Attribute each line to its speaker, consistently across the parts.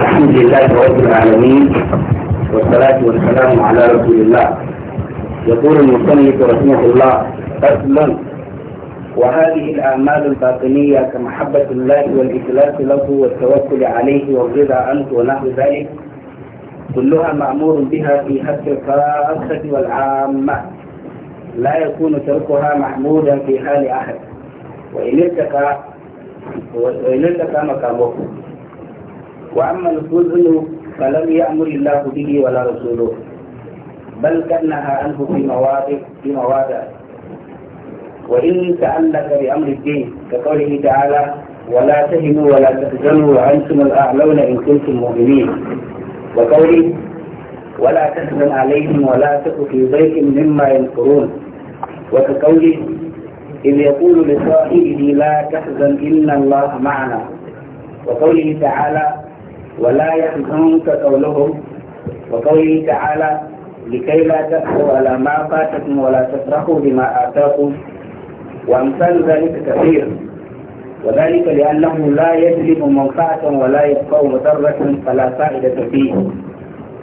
Speaker 1: الحمد لله رب العالمين والصلاة والسلام على رسول الله يقول المصنف رحمه الله فصل وهذه الأعمال الباطنية كمحبة الله والإخلاص له والتوكل عليه والرضا عنه ونحو ذلك كلها مأمور بها في حق الخاصة والعامة لا يكون تركها محمودا في حال أحد وإن التقى وإن التقى مقامه وأما الخزن فلم يأمر الله به ولا رسوله بل كان نهى عنه في مواضع في مواضع وإن تعلق بأمر الدين كقوله تعالى ولا تهنوا ولا تحزنوا وأنتم الأعلون إن كنتم مؤمنين وقوله ولا تحزن عليهم ولا تك في ضيق مما ينكرون وكقوله إذ يقول لصاحبه لا تحزن إن الله معنا وقوله تعالى ولا يحزنك قولهم وقوله تعالى لكي لا تأخذوا على ما فاتكم ولا تفرحوا بما آتاكم وأمثال ذلك كثير وذلك لأنه لا يجلب منفعة ولا يبقى مضرة فلا فائدة فيه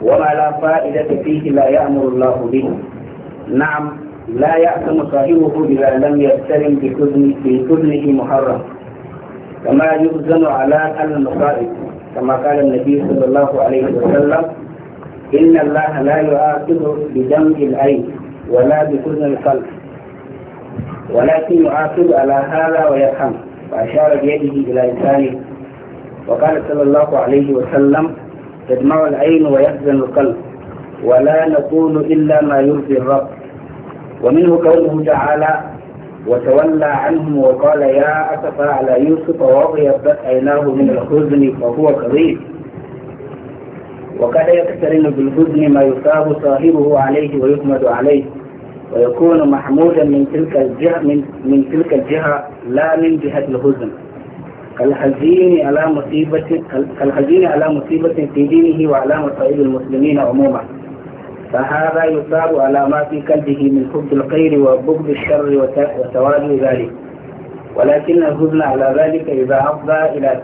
Speaker 1: وما لا فائدة فيه لا يأمر الله به نعم لا يأثم صاحبه إذا لم يستلم في كذنه محرم كما يؤذن على المصائب كما قال النبي صلى الله عليه وسلم إن الله لا يعاقب بدمع العين ولا بحزن القلب ولكن يعاقب على هذا ويرحم فأشار بيده إلى لسانه وقال صلى الله عليه وسلم تدمع العين ويحزن القلب ولا نقول إلا ما يرضي الرب ومنه قوله تعالى وتولى عنهم وقال يا أسف على يوسف وغيبت عيناه من الحزن فهو كظيم وكان يقترن بالحزن ما يصاب صاحبه عليه ويحمد عليه ويكون محمودا من تلك الجهة من, من تلك الجهة لا من جهة الحزن كالحزين على مصيبة كالحزين على مصيبة في دينه وعلى مصائب المسلمين عموما فهذا يثاب على ما في قلبه من حب الخير وبغض الشر وتوالي ذلك ولكن الحزن على ذلك إذا أفضى إلى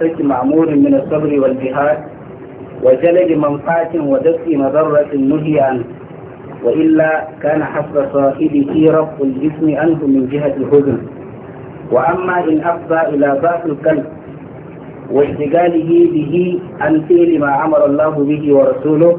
Speaker 1: ترك معمور من الصبر والجهاد وجلد منفعة ودفع مضرة نهي عنه وإلا كان حسب صاحبه رب الجسم عنه من جهة الحزن وأما إن أفضى إلى ضعف القلب واشتغاله به عن فعل ما أمر الله به ورسوله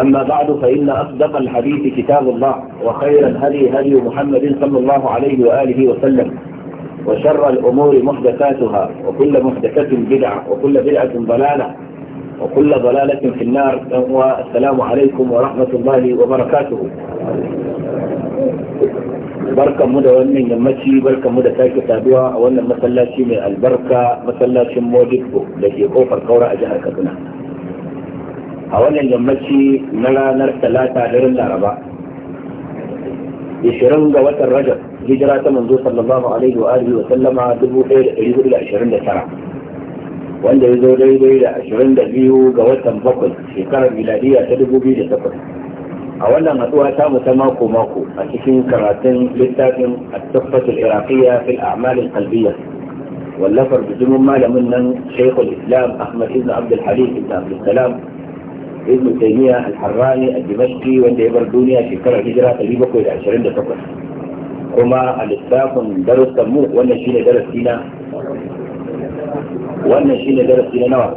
Speaker 1: أما بعد فإن أصدق الحديث كتاب الله وخير الهدي هدي محمد صلى الله عليه وآله وسلم وشر الأمور محدثاتها وكل محدثة بدعة وكل بدعة ضلالة وكل ضلالة في النار والسلام عليكم ورحمة الله وبركاته بركة مدى ومن يمتشي بركة مدى mu da ومن saduwa من البركة masallaci موجبه albarka يقوف Modibbo da كتنا a wannan yammaci na ranar talata daren laraba ishirin ga watan rajab hijira ta manzo sallallahu alaihi wa alihi wa sallama dubu ɗaya da ɗari hudu da ashirin da tara wanda ya zo daidai da ashirin da biyu ga watan bakwai shekarar miladiya ta dubu biyu da takwas a wannan haɗuwa ta mu ta mako mako a cikin karatun littafin at-tuhfatul iraqiyya fil a'mal al-qalbiyya wallafar bijimin malamin nan shaykhul islam ahmad ibn abdul halim ibn abdul salam ibn taymiya al-harrani al-dimashqi wanda ya bar duniya shekarar hijira 728 kuma al-istafun darussan mu wannan shine darasi na wannan shine darasi na nawa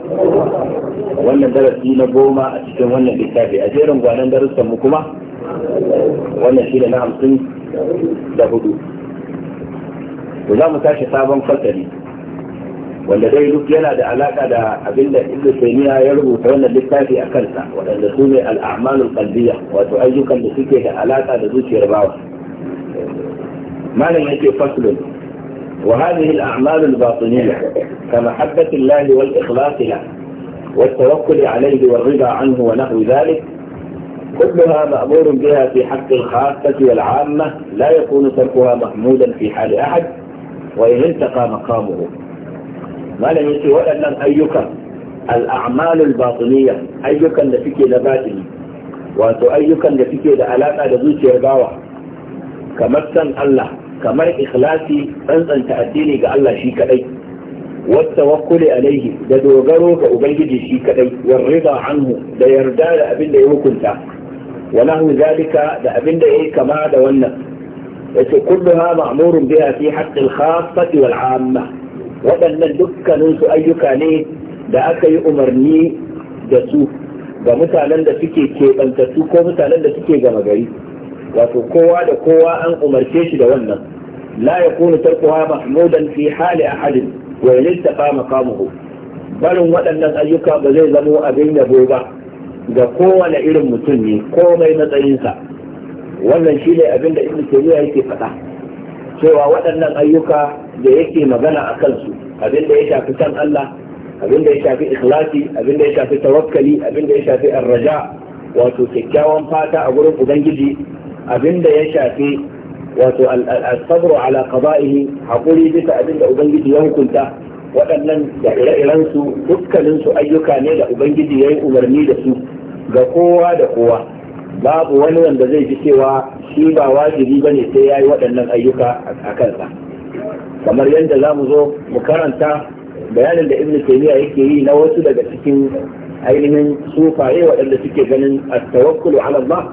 Speaker 1: wannan darasi na goma a cikin wannan littafi a jerin gwanan darussan mu kuma wannan shine na hamsin da hudu za mu tashi sabon fasali wanda dai duk yana da alaka da abinda ibnu taymiya ya rubuta wannan littafi a kansa wadanda su ne al'amalul qalbiyya wato ayyukan da suke da alaka da zuciyar bawa malam yake faslun وهذه الأعمال الباطنية كمحبة الله والإخلاص له والتوكل عليه والرضا عنه ونحو ذلك كلها مأمور بها في حق الخاصة والعامة لا يكون تركها محمودا في حال أحد وإن التقى مقامه malami yace waɗannan ayyukan al'amalul batiniya ayyukan da suke da batini wato ayyukan da suke da alaƙa da zuciyar bawa kamar san Allah kamar ikhlasi tsantsanta addini ga Allah shi kadai wata wakule alaihi da dogaro ga ubangiji shi kadai war rida anhu da yarda da abin da ya hukunta wani lahu zalika da abin da yake kama da wannan yace ha ma'murun biha fi haƙƙin al wal 'amma waɗannan dukkaninsu ayyuka ne da aka yi umarni da su ga mutanen da suke keɓantattu ko mutanen da suke gama gari wato kowa da kowa an umarce shi da wannan la ya kunu tarkuwa mahmudan fi hali ahadin wa yalittafa maqamuhu barin waɗannan ayyuka ba zai zama abin yabo ba ga kowane irin mutum ne komai matsayinsa wannan shi ne abin da ibn taymiya yake faɗa cewa waɗannan ayyuka da yake magana a kansu abin da ya shafi san Allah abin da ya shafi ikhlasi abin da ya shafi tawakkali abin da ya shafi arraja wato kyakkyawan fata a gurin ubangiji abin da ya shafi wato al-sabru ala qada'ihi hakuri bisa abin da ubangiji ya hukunta waɗannan da ire-iren su dukkanin su ayyuka ne da ubangiji ya yi umarni da su ga kowa da kowa babu wani wanda zai ji cewa shi ba wajibi ba sai ya yi waɗannan ayyuka a kansa kamar yadda za mu zo mu karanta bayanin da ibn taymiya yake yi na wasu daga cikin ainihin sufaye waɗanda suke ganin at-tawakkulu ala Allah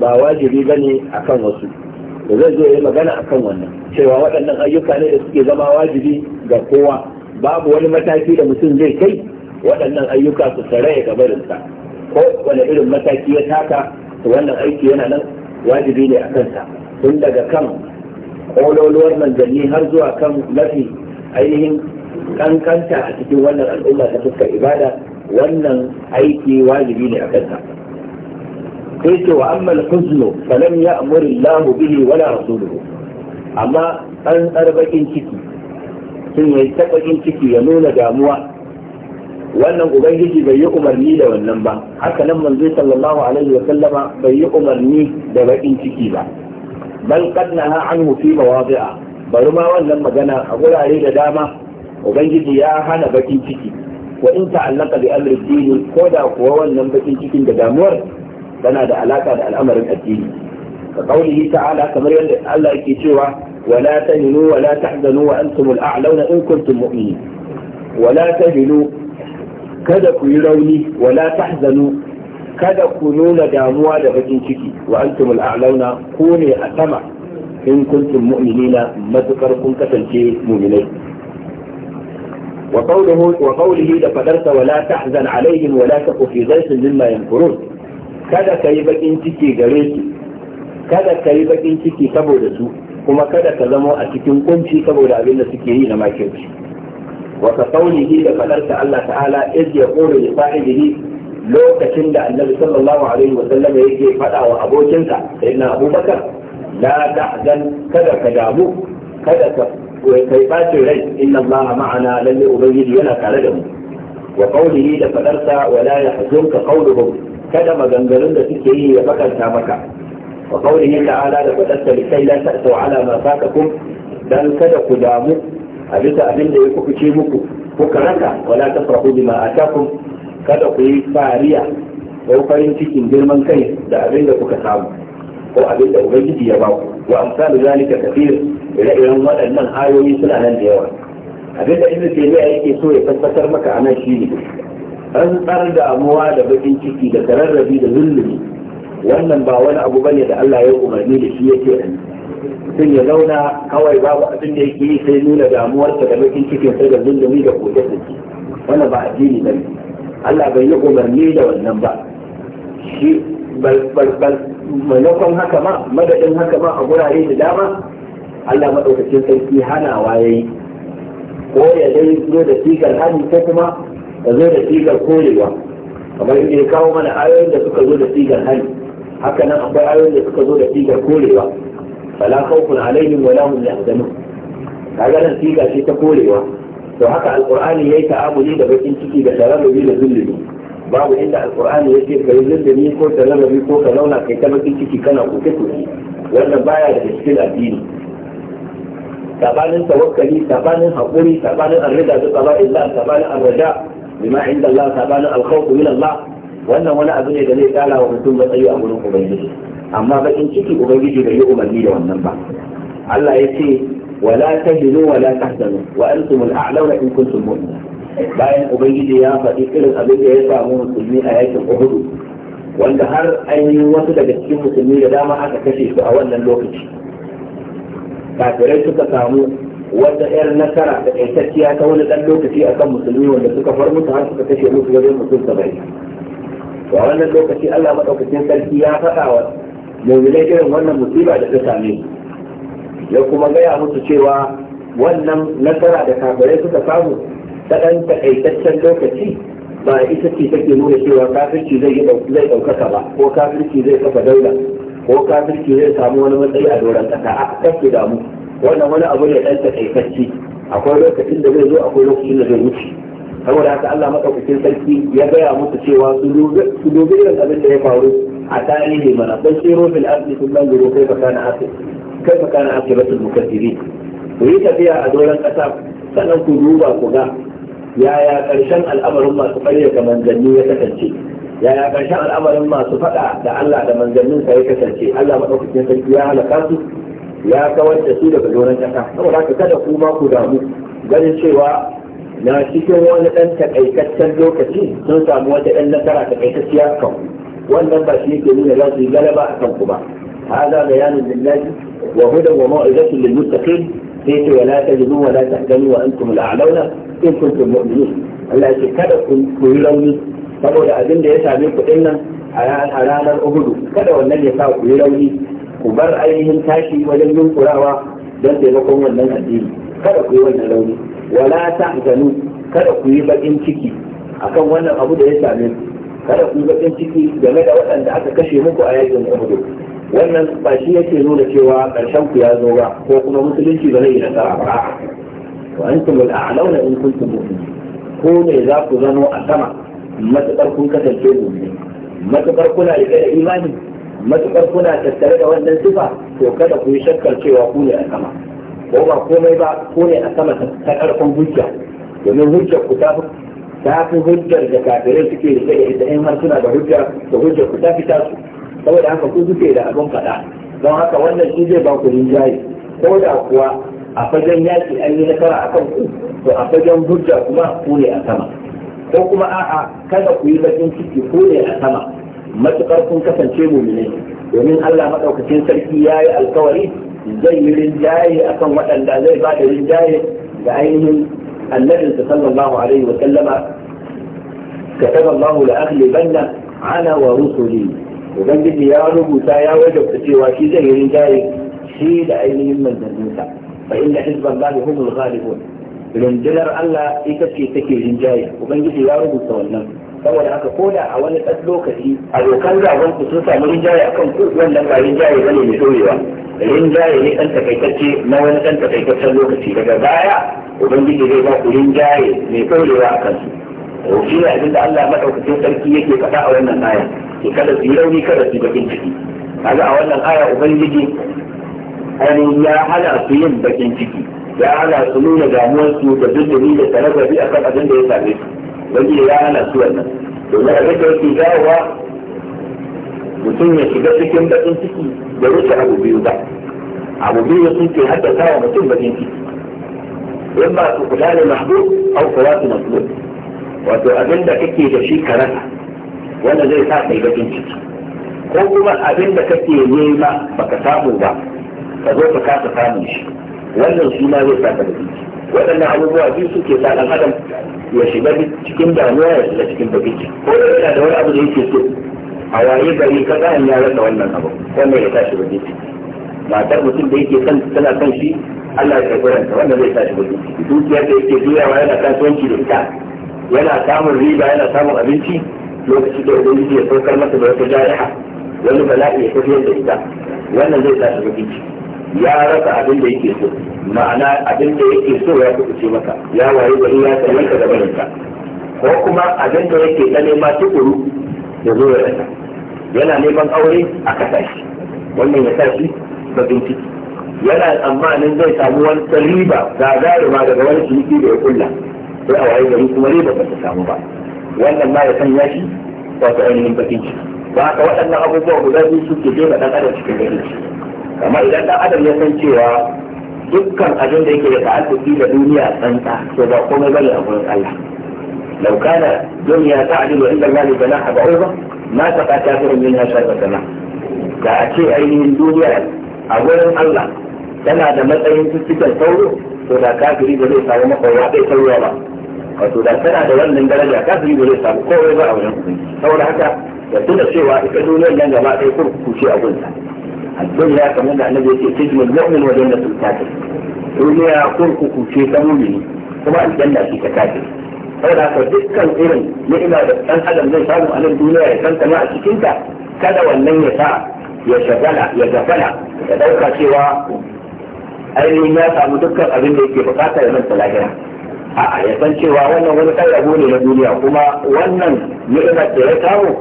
Speaker 1: ba wajibi bane akan wasu da zai zo yayi magana akan wannan cewa waɗannan ayyuka ne da suke zama wajibi ga kowa babu wani mataki da mutum zai kai waɗannan ayyuka su saraya gabarinsa ko wani irin mataki ya taka to wannan aiki yana nan wajibi ne a kansa tun daga kan ƙololuwar manzanni har zuwa kan mafi ainihin kankanta a cikin wannan al'umma ta suka ibada wannan aiki wajibi ne a kansa sai ce wa amma al-huznu falam ya'mur Allah bihi wala rasuluhu amma an tsarbakin ciki sun yi tabakin ciki ya nuna damuwa wannan ubangiji bai yi umarni da wannan ba haka nan manzo sallallahu alaihi wa sallama bai yi umarni da bakin ciki ba bal qad naha an fi mawadi'a bari ma wannan magana a gurare da dama ubangiji ya hana bakin ciki wa in ta'allaka bi amri dini ko da kuwa wannan bakin cikin da damuwar tana da alaka da al'amarin addini ka kaulihi ta'ala kamar yadda Allah yake cewa wala tahinu wala tahzanu wa antum al'a'launa in kuntum mu'minin wala tahinu kada ku yi rauni wala tahzanu kada ku nuna damuwa da bakin ciki wa antumul a'launa ko ne a sama in kuntum mu'minina matukar kun kasance mu'minai wa qawlihi da fadarsa wala tahzan alaihim wala taqu fi dhaysin mimma yanfurun kada kai bakin ciki gare su kada kai bakin ciki saboda su kuma kada ka zama a cikin kunci saboda abin da suke yi na makirci وكقوله لفقرك الله تعالى إذ يقول لصاحبه لو تشند النبي صلى الله عليه وسلم يجي فتا وأبو جنسا إن أبو بكر لا تحزن كذا كجابو كذا كيفات لي إن الله معنا لن أبيد لنا كالجم وقوله لقدرت ولا يحزنك قولهم كذا مجنجلون تسكيه يفكر كامك وقوله تعالى لقدرت لكي لا تأتوا على ما فاتكم بل كذا كجابو a bisa abin da ya kuce muku kuka raka wala farko bima atakum kada ku yi fariya ko farin cikin girman kai da abin da kuka samu ko abin da ubangiji ya ba ku wa amsalu zalika kafir ila iren waɗannan ayoyi suna nan da yawa abin da ibnu taymiya yake so ya tabbatar maka anan shine rantsar da amuwa da bakin ciki da tararrabi da zulmi wannan ba wani abu bane da Allah ya umarni da shi yake a sun ya zauna kawai babu abin da yake yi sai nuna ta da bakin cikin sai da zulumi da koke sake wannan ba addini bane Allah bai yi umarni da wannan ba shi manakon haka ma madadin haka ma a gurare da dama Allah maɗaukacin sarki hana waye ko ya dai zo da sigar hannu ko kuma ya zo da sigar korewa kamar inda ya kawo mana ayoyin da suka zo da sigar hannu haka nan akwai ayoyin da suka zo da sigar korewa fala khawfun alaihim wala hum yahzanun kaga nan siga ce ta korewa to haka alqur'ani yayi ta'amuli da bakin ciki da tarabi da zulmi babu inda alqur'ani yake kai zulmi ko tarabi ko ka zauna kai ta bakin ciki kana kuke kuke wannan baya da cikin addini sabanin tawakkali sabanin haƙuri sabanin arrida da qada illa sabanin arraja bima inda Allah sabanin alkhawf min Allah wannan wani abu ne da zai tsara wa mutum matsayi a gurin ubangiji amma bakin ciki ubangiji bai yi umarni da wannan ba Allah ya ce wala tahinu wala tahzanu wa antum al-a'launa in kuntum mu'minin bayan ubangiji ya faɗi irin abin da ya samu musulmi a yakin Uhud wanda har an yi wasu daga cikin musulmi da dama aka kashe su a wannan lokaci kafirai suka samu wata yar nasara da kaitacciya ta wani dan lokaci akan musulmi wanda suka far musu har suka kashe musu wajen mutum saba'in to a wannan lokaci Allah madaukakin sarki ya faɗa wa mu'minai irin wannan musiba da ta same ya kuma gaya musu cewa wannan nasara da kafirai suka samu ta ɗan takaitaccen lokaci ba ita ce take nuna cewa kafirci zai zai ɗaukaka ba ko kafirci zai kafa daula ko kafirci zai samu wani matsayi a doron ƙasa a kafin damu wannan wani abu ne ɗan takaitacce akwai lokacin da zai zo akwai lokacin da zai wuce saboda haka Allah madaukakin sarki ya gaya musu cewa su dubi irin abin da ya faru a tarihi mana sai shiro fil ardi sun ban duro kai baka na asir kai baka na asir rasul mukaddiri ku yi tafiya a doron ƙasa sannan ku duba ku ga yaya karshen al'amarin masu ƙarya ga manzanni ya kasance yaya karshen al'amarin masu faɗa da Allah da manzannin sa ya kasance Allah madaukakin sarki ya halaka su ya kawar da su daga doron kasa saboda haka kada ku ma ku damu ganin cewa na cikin wani ɗan takaitaccen lokaci sun samu wata ɗan nasara takaitacciya kan wannan ba shi yake nuna za su yi galaba a kan kuma hada هذا بيان لله وهدى وموعظة للمتقين sai ce wala ta jizu wala ta gani wa antum al a'launa in kuntum mu'minin Allah ya kada ku yi rauni saboda abin da ya same ku din nan a ranar Uhud kada wannan ya sa ku yi rauni ku bar ainihin tashi wajen yunkurawa don taimakon wannan addini kada ku yi wannan rauni wala ta tahzanu kada ku yi bakin ciki akan wannan abu da ya same ku kada ku yi bakin ciki game da waɗanda aka kashe muku a yakin Uhud wannan ba shi yake nuna cewa karshen ku ya zo ba ko kuma musulunci ba zai yi nasara ba wa antum al-a'launa in kuntum mu'minin ko ne za ku zano a sama matuƙar kun kasance mu'mini matuƙar kuna da da imani matuƙar kuna tattare da wannan sifa to kada ku yi shakkar cewa ku ne a sama ko ba komai ba ko ne a sama ta karfin hujja domin hujjar ku ta ta fi hujjar da kafirai suke da kai da har suna da hujja da hujjar ku ta fita su saboda haka ku suke da abin faɗa don haka wannan shi zai ba ku rinjaye ko da kuwa a fagen yaƙi an yi nasara a kan ku to a fagen hujja kuma ku ne a sama ko kuma a'a kada ku yi bakin ciki ku ne a sama matuƙar kun kasance mu ne domin Allah maɗaukacin sarki ya yi alkawari زي رجاي أكون وأن زي بعد رجاي بعين النبي صلى الله عليه وسلم كتب الله لأهل بنا أنا ورسلي وبن ديانو بوتا يا وجب تتي واشي زي رجاي شي لأين يمن ذنبوتا فإن حزب الله هم الغالبون لندلر الله إكتكي تكي رجاي وبن يا رب والنبي saboda haka ko da a wani ɗan lokaci abokan zaben ku sun samu rinjaye akan ku wannan ba rinjaye ne mai dorewa rinjaye ne ɗan takaitacce na wani ɗan takaitaccen lokaci daga baya ubangiji zai ba ku rinjaye mai dorewa a kansu to shi ne abin da Allah madaukakin sarki yake faɗa a wannan aya kada su yi rauni kada su yi bakin ciki kaga a wannan aya ubangiji ainihin ya hana su yin bakin ciki ya hana su nuna damuwarsu da dindini da tare da bi akan abin da ya same su wani ya hana su wannan domin abin da yake jawowa mutum ya shiga cikin bakin ciki da wuce abu biyu ba abu biyu sun ke haddasa wa mutum bakin ciki in ba su kula da mahbub au kula su maslub wato abin da kake da shi ka wanda zai sa kai bakin ciki ko kuma abin da kake nema baka samu ba ka zo ka kasa samun shi wannan shi zai sa ka bakin ciki waɗannan abubuwa biyu suke sa ɗan adam ya shiga cikin damuwa ya shiga cikin bakin ciki ko da yana da wani abu da yake so a waye gari ka ga ya rasa wannan abu wannan ya tashi bakin ciki matar mutum da yake kan tana kan shi Allah ya karɓi wannan zai tashi bakin ciki dukiyar da yake juyawa yana kasuwanci da ita yana samun riba yana samun abinci lokacin da ubangiji ya saukar masa da wata jariha wani bala'i ya tafiyar da ita wannan zai tashi bakin ciki ya rasa abin da yake so ma'ana abin da yake so ya kuce maka ya waye da ya tsaye ka gaban ka ko kuma abin da yake ta nema tukuru da zo ya rasa yana neman aure a kasa shi wannan ya sa shi bakin ciki yana tsammanin zai samu wani riba gagarima daga wani ciniki da ya kulla sai a waye gari kuma riba ba ta samu ba wannan ma ya sanya shi wato ainihin bakin shi ba ka waɗannan abubuwa guda biyu suke jefa ɗan adam cikin bakin ciki kamar idan dan adam ya san cewa dukkan abin da yake da ta'adduki da duniya tsanta to ba komai bane a gurin Allah لو كان دنيا تعدل ba'uba ma ta بعوضة ta تقى كافر منها شر سماء da a ce ainihin duniya a wurin Allah tana da matsayin cikin sauro to da kafiri ba zai samu makwarwa bai sauro ba wato da tana da wannan daraja kafiri ba zai samu kowai ba a wurin ubangiji saboda haka da tuna cewa ita duniyar nan gaba ɗaya kurkuku ce a gunta الدنيا كمان الذي تجمع المؤمن وجنة الكافر يقول يا قرقك في تمومي وما الجنة في كافر فإذا تذكر إذن لإما كان هذا من يشعر أن الدنيا كان كما أشكنت كذا ولن يسعى يشغل يجفل يدوك شواء أي لما سعب ذكر أبن ليك بقاطة يمن تلاجرة أعيسان آه، شواء وانا وانا كي لدنيا وما وانا لإما تلاجرة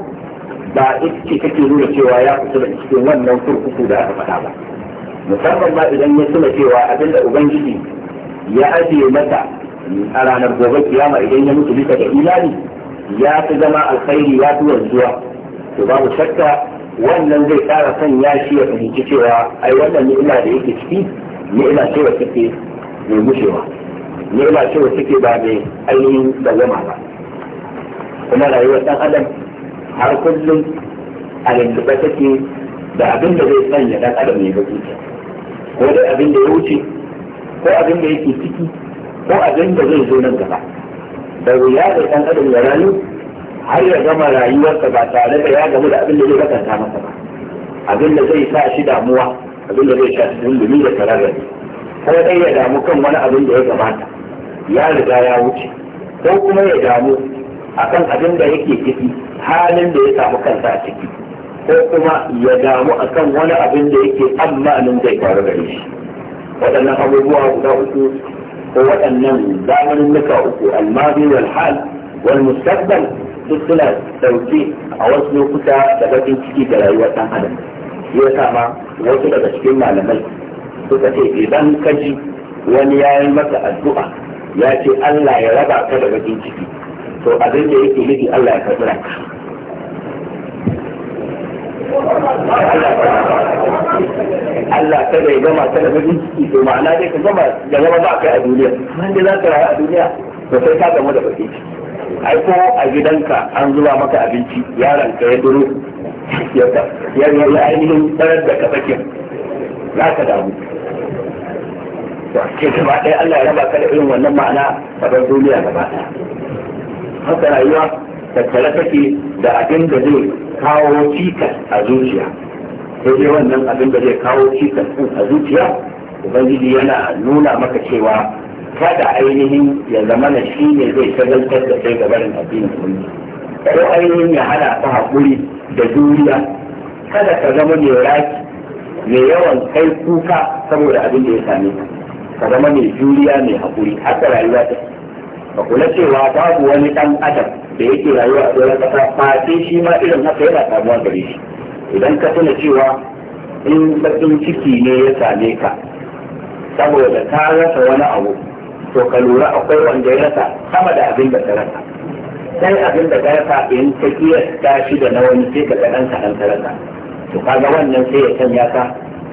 Speaker 1: ba iske kake nuna cewa ya fito da cikin wannan kurkuku da aka faɗa ba musamman ma idan ya tuna cewa abinda ubangiji ya ajiye mata a ranar gobe kiyama idan ya mutu bisa da imani ya fi zama alkhairi ya fi wanzuwa to babu shakka wannan zai ƙara ya shi ya fahimci cewa ai wannan ni'ima da yake ciki ni'ima ce wacce take mai mushewa ni'ima ce wa take ba mai ainihin dawama ba kuma rayuwar dan adam har kullum a lulluɓe take da abin da zai sanya dan adam ya baki ko dai abin da ya wuce ko abin da yake ciki ko abin da zai zo nan gaba da wuya da dan adam ya rayu har ya gama rayuwarsa ba tare da ya gamu da abin da zai kasanta masa ba abin da zai sa shi damuwa abin da zai sha shi dundumi da tarar ko dai ya damu kan wani abin da ya gabata ya riga ya wuce ko kuma ya damu akan abin da yake ciki halin da ya samu kansa a ciki ko kuma ya damu akan wani abin da yake tsammanin zai faru gare shi waɗannan abubuwa guda uku ko waɗannan zamanin nuka uku almadi wal hal wal mustaqbal duk suna dauke a wasu lokuta da bakin ciki da rayuwar ɗan adam shi yasa ma wasu daga cikin malamai suka ce idan ka ji wani ya yi maka addu'a ya ce Allah ya raba ka da bakin ciki to abin da yake nufi Allah ya karɓi ranka Allah ta bai gama ta da bakin ciki to ma'ana dai ka gama da zama ba kai a duniya nan dai za ka rayu a duniya Ba sai ka gama da bakin ai ko a gidanka an zuba maka abinci yaron ka ya duro ya ya ainihin tsarar da ka bakin za ka damu ke gaba ɗaya Allah ya raba ka da irin wannan ma'ana a duniya gaba ɗaya haka rayuwa tattare take da abin da zai kawo cikas a zuciya sai dai wannan abin da zai kawo cikas a zuciya ubangiji yana nuna maka cewa kada ainihin ya zama na shi ne zai shagaltar da kai gabarin addinin ubangiji ko ainihin ya hana ka haƙuri da juriya kada ka zama mai raki mai yawan kai kuka saboda abin da ya same ka ka zama mai juriya mai haƙuri haka rayuwa ta ka kula cewa babu wani dan adam da yake rayuwa a doron kasa face shi ma irin haka yana samuwa gare shi idan ka tuna cewa in bakin ciki ne ya same ka saboda ka rasa wani abu to ka lura akwai wanda ya rasa sama da abin da ka rasa sai abin da ka rasa in ka kiyasta shi da na wani sai ka ga dan kaɗan ka rasa to kaga wannan sai ya sanya ka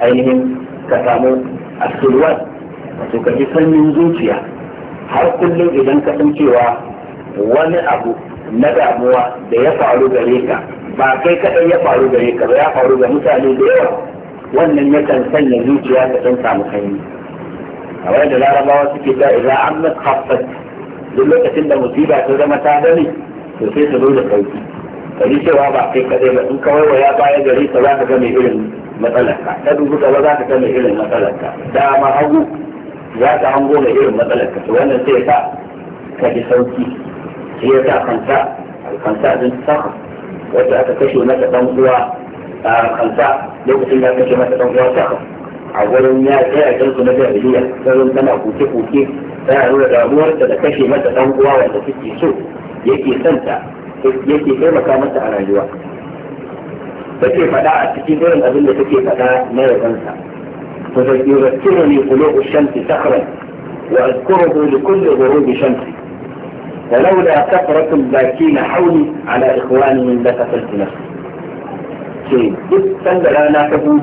Speaker 1: ainihin ka samu asulwan wato ka ji sanyin zuciya har kullum idan ka san cewa wani abu na damuwa da ya faru gare ka ba kai kaɗai ya faru gare ka ba ya faru ga mutane da yawa wannan ya kan sanya zuciya ta ɗan samu kanyi kamar da larabawa suke da idan an makaffat duk lokacin da musiba ta zama ta gani to sai ta zo da Ka kaji cewa ba kai kaɗai ba in kawai wa ya baya gare ka za ka ga mai irin matsalarka ta dubu gaba za ka ga mai irin matsalarka dama hagu za ka hango da irin matsalar ka wannan sai sa ka ji sauki sai ya sa kansa kansa din saka wata aka kashe masa dan uwa a kansa lokacin da aka kashe masa dan uwa saka a wurin ya tsaya kan su na jahiliya sauran tana koke koke tana nuna damuwarta da kashe masa dan uwa wanda suke so yake santa yake taimaka masa a rayuwa take faɗa a cikin irin abin da take faɗa na yabansa فيذكرني طلوع الشمس سخرا واذكره لكل غروب شمسي ولولا سفرة الباكين حولي على اخواني من لفتت نفسي شيء سند لا نعتبر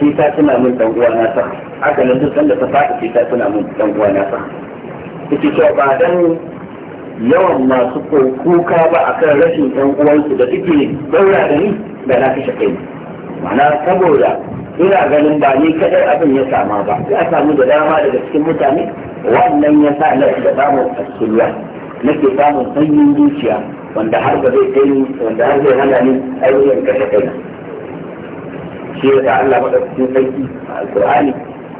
Speaker 1: في ساتنا من توانا سخر حتى لندن سند تفاعل في ساتنا من توانا سخر في شعب عدن يوم ما سقوا كوكا وعكا رجل ينقوان سدتكي دولة دني لا نعتبر ma'ana saboda ina ganin ba ni kadai abin ya sama ba sai samu da dama daga cikin mutane wannan ya sa na da samun asulwa nake samun sanyin zuciya wanda har ba zai kai ni wanda har zai hana ni ayyukan kashe kai shi ya sa Allah madaukakin sarki a alqur'ani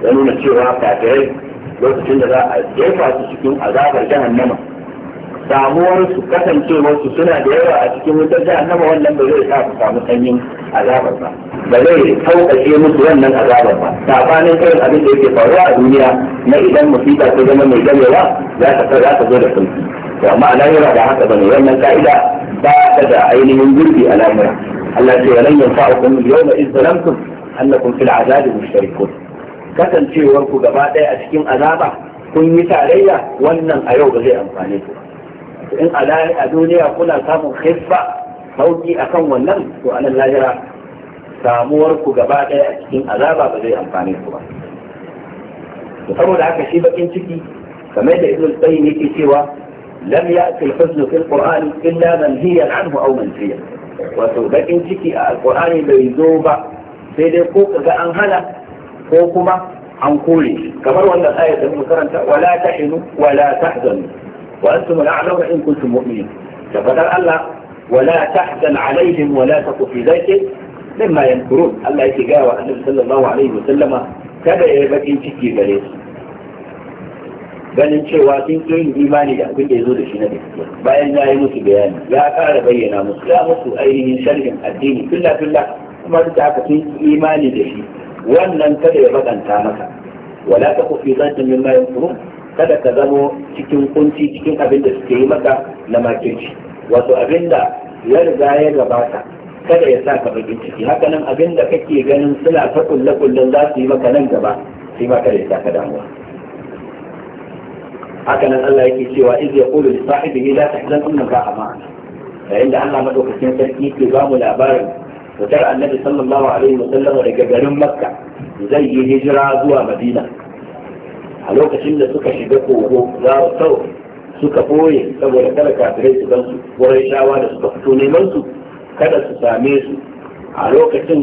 Speaker 1: ya nuna cewa kafirai lokacin da za a jefa su cikin azabar jahannama samuwarsu kasancewarsu suna da yawa a cikin wutar da annaba wannan ba zai sa su samu sanyin azabar ba ba zai sauƙaƙe musu wannan azabar ba sabanin kai abin da yake faruwa a duniya na idan musiba ta zama mai gamewa za ta za ta zo da sauki to amma a lahira ba haka bane wannan ka'ida ba ta da ainihin gurbi a lamura Allah ce walan yanfa'ukum al-yawma idh zalamtum annakum fil azabi mushtarikun ku gaba ɗaya a cikin azaba kun yi tarayya wannan a yau ba zai amfane ku ba in a duniya kuna samun haifa sauki akan wannan to anan lahira samuwar ku gaba ɗaya a cikin azaba ba zai amfane ku ba saboda haka shi bakin ciki kamar da ibnu ne ke cewa lam ya'ti al al-qur'an illa manhiyan anhu aw manfiyan wato bakin ciki a alqur'ani bai zo ba sai dai ko kaga an hana ko kuma an kore kamar wannan ayat da muka karanta wala tahinu wala tahzanu وأنتم الأعلون إن كنتم مؤمنين فقدر الله ولا تحزن عليهم ولا تك في ذلك مما ينكرون الله يتجاوى النبي صلى الله عليه وسلم kada ya bakin ciki ganin cewa sun yi imani da abin da ya zo da shi na gaskiya bayan ya yi musu bayani ya kara bayyana musu ya musu ainihin sharhin addini filla filla kuma duk da haka sun yi imani da shi wannan kada ya bakanta maka wala ta kufi zantin min ma yankurun kada ka zamo cikin kunci cikin abin da suke yi maka na makirci wato abin da ya riga ya gabata kada ya sa ka bakin ciki haka nan abin da kake ganin suna ta kulle kullen za su yi maka nan gaba sai ma kada ya sa ka damuwa haka nan Allah yake cewa iz yaqulu li sahibihi la tahzan innaka amana yayin da Allah madaukakin sarki ke ba mu labarin wutar annabi sallallahu alaihi wasallam daga garin makka zai yi hijira zuwa madina a lokacin da suka shiga kogo za su tau suka boye saboda kada kafirai su gansu wurin shawa da suka fito neman su kada su same su a lokacin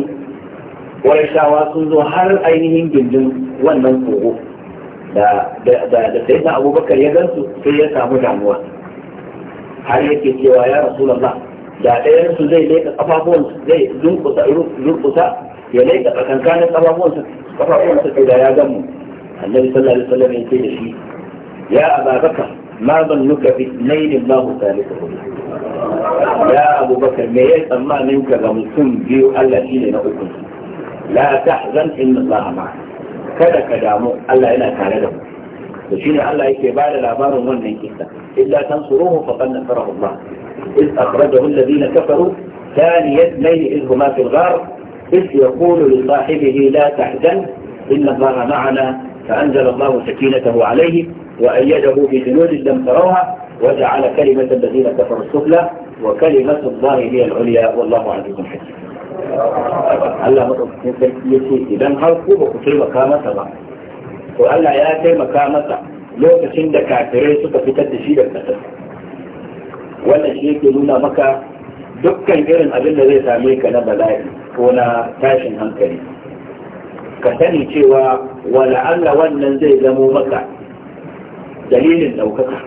Speaker 1: wurin shawa sun zo har ainihin gindin wannan kogo da sai da abubakar ya gansu sai ya samu damuwa har yake cewa ya rasulallah da ɗayansu zai leƙa ƙafafuwansu zai zurkusa ya leƙa tsakankanin kafafuwansu kafafuwansu da ya gan mu النبي صلى الله عليه وسلم يقول شيء يا أبا بكر ما ظنك باثنين الله ثالثهما يا أبو بكر ما يسمى منك غمسون بيو ألا شيء لنقول لا تحزن إن الله معك كذا ka damu Allah yana tare da mu to shine Allah yake ba da labarin wannan kissa إذ أخرجه الذين كفروا ثاني اثنين إذ هما في الغار إذ يقول لصاحبه لا تحزن إن الله معنا فأنزل الله سكينته عليه وأيده بجنود لم تروها وجعل كلمة الذين كفروا السفلى وكلمة الله هي العليا والله عزيز حكيم Allah maɗaukakin sarki ce idan har ku ba ku taimaka masa ba, to Allah ya taimaka masa lokacin da kafirai suka fitar da shi da ƙasar. Wannan shi yake nuna maka dukkan irin abin da zai same ka na bala'i ko na tashin hankali. Ka sani cewa wala'alla wannan zai zamo maka dalilin ɗaukaka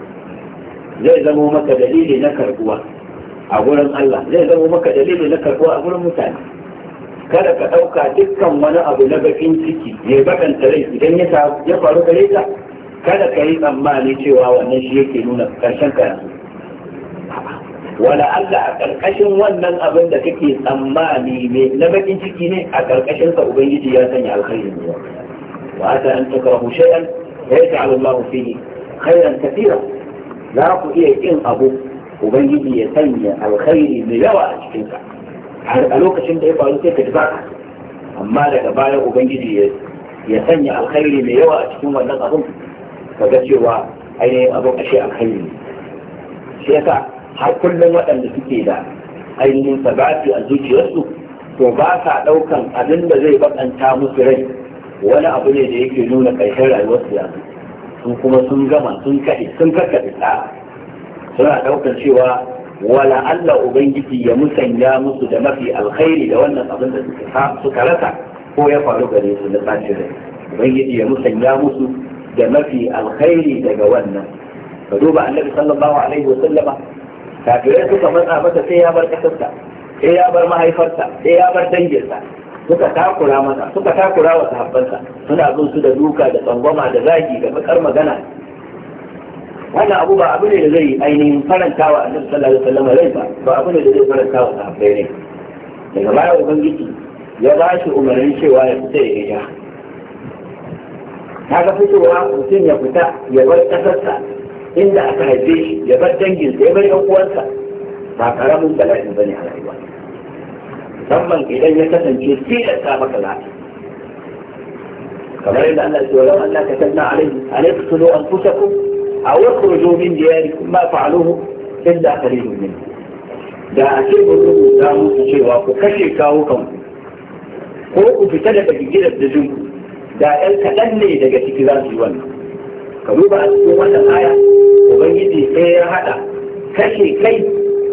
Speaker 1: zai zamo maka dalili na karbuwa a gurin Allah zai zamo maka dalili na karbuwa a gurin mutane kada ka ɗauka dukkan wani abu na bakin ciki mai bakanta rai idan ya faru gare ka kada ka yi tsammani cewa wannan shi yake nuna ƙarshen karatu wala Allah a ƙarƙashin wannan abin da kake tsammani ne na bakin ciki ne a ƙarƙashin sa ubangiji ya sanya alkhairi ne وعسى أن تكرهوا شيئا فيجعل الله فيه خيرا كثيرا لا أقول إيه إن أبوك وبيني يسمي الخير ملوى أشكيك عارف ألوك شمت إيه فألوك إيه تجبعك أما لك بايا وبيني يسمي الخير ملوى أشكيك وأنك أبوك فقدت يوا أين أبوك أشياء الخير شيئا هل كل من وقت أنت في إذا أين من سبعتي أزوجي أسوك وباسع لو كان أبن بذي بطن تامس رجل wani abu ne da yake nuna ƙarshen rayuwarsu yanzu sun kuma sun gama sun kaɗe sun kakkaɗe ta suna ɗaukar cewa wala Allah Ubangiji ya musanya musu da mafi alkhairi da wannan abin da suka rasa ko ya faru gare su na sashi rai Ubangiji ya musanya musu da mafi alkhairi daga wannan ka duba annabi sallallahu alaihi wa sallama kafirai suka matsa masa sai ya bar ƙasarta, sai ya bar mahaifarta, sai ya bar danginsa suka takura masa suka takura wa sahabbansa suna zo su da duka da tsangwama da zagi da bakar magana wannan abu ba abu ne da zai ainihin faranta wa annabi sallallahu alaihi wasallam rai ba ba abu ne da zai faranta wa sahabbai ne daga baya ubangiji ya ba shi umarnin cewa ya fita ya hija ta ga fitowa mutum ya fita ya bar ƙasarsa inda aka haife shi ya bar danginsa ya bar yan uwansa ba karamin bala'in ba ne a rayuwa musamman idan ya kasance tilasta maka za kamar yadda Allah ya wala Allah ka tanna alaihi alaihi tulu anfusakum aw yakhruju min yi ma fa'aluhu illa qalilun min da a ce ku ta musu cewa ku kashe kawo kanku ko ku fita daga gidan da jinku da ɗan kaɗan ne daga ciki za su yi wannan ka duba a cikin wannan aya ubangiji sai ya haɗa kashe kai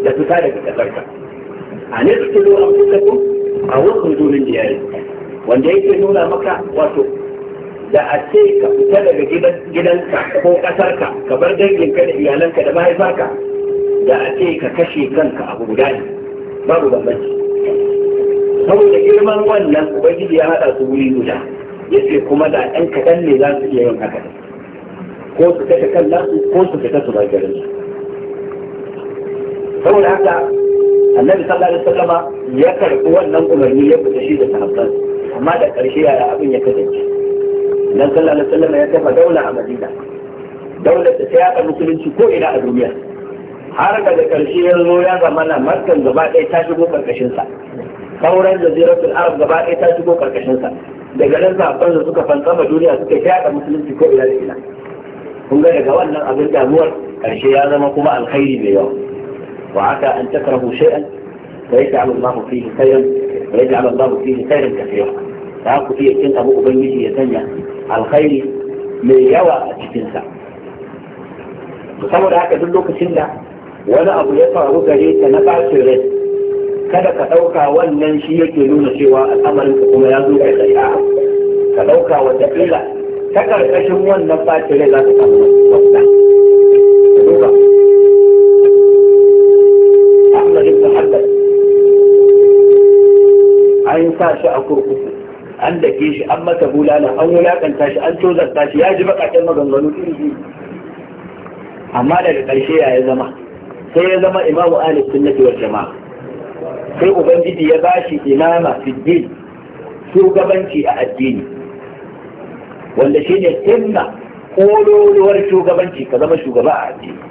Speaker 1: da fita daga ƙasarka a ne suke zo an kuka ku a wasu domin diyari wanda yake nuna maka wato da a ce ka fita daga gidanka ko ƙasarka ka bar danginka da iyalanka da mahaifarka da a ce ka kashe kanka abu guda ne babu bambanci saboda girman wannan ubangiji ya haɗa su wuri guda ce kuma da ɗan kaɗan ne za su iya yin haka ko su kashe kan nasu ko su fita su bar garin saboda haka annabi sallallahu alaihi wasallama ya karɓi wannan umarni ya fita shi da sahabban amma da ƙarshe yaya abin ya kasance nan sallallahu alaihi wasallama ya kafa daula a madina daular da ta yaɗa musulunci ko ina a duniya har daga ƙarshe ya zo ya zama na markan gaba ɗaya ta shigo sa sauran jaziratul arab gaba ɗaya ta shigo sa daga nan zaɓen da suka fantsama duniya suka yaɗa musulunci ko ina da ina kun ga daga wannan abin damuwar ƙarshe ya zama kuma alkhairi mai yawa وعسى ان تكرهوا شيئا فيجعل الله فيه خيرا ويجعل الله فيه خيرا كثيرا تعرفوا في كنت ابو ابيه يتنيا الخير من يوى اتشتنسا مصور هكا دلوك سنة وانا ابو يطرع وقالي تنبع سيغير kada ka dauka wannan shi yake nuna cewa al'amarin ka kuma ya zo kai tsaye a ka dauka wata kila ta ahmad ibn hanbal sa shi a kurkuku an dake shi an masa bulala an wulakanta shi an tozarta shi ya ji bakakken maganganu iri amma daga ƙarshe ya ya zama sai ya zama imamu ahli sunnati wal jama'a sai ubangiji ya bashi imama fi din shugabanci a addini wanda shine sunna kololuwar shugabanci ka zama shugaba a addini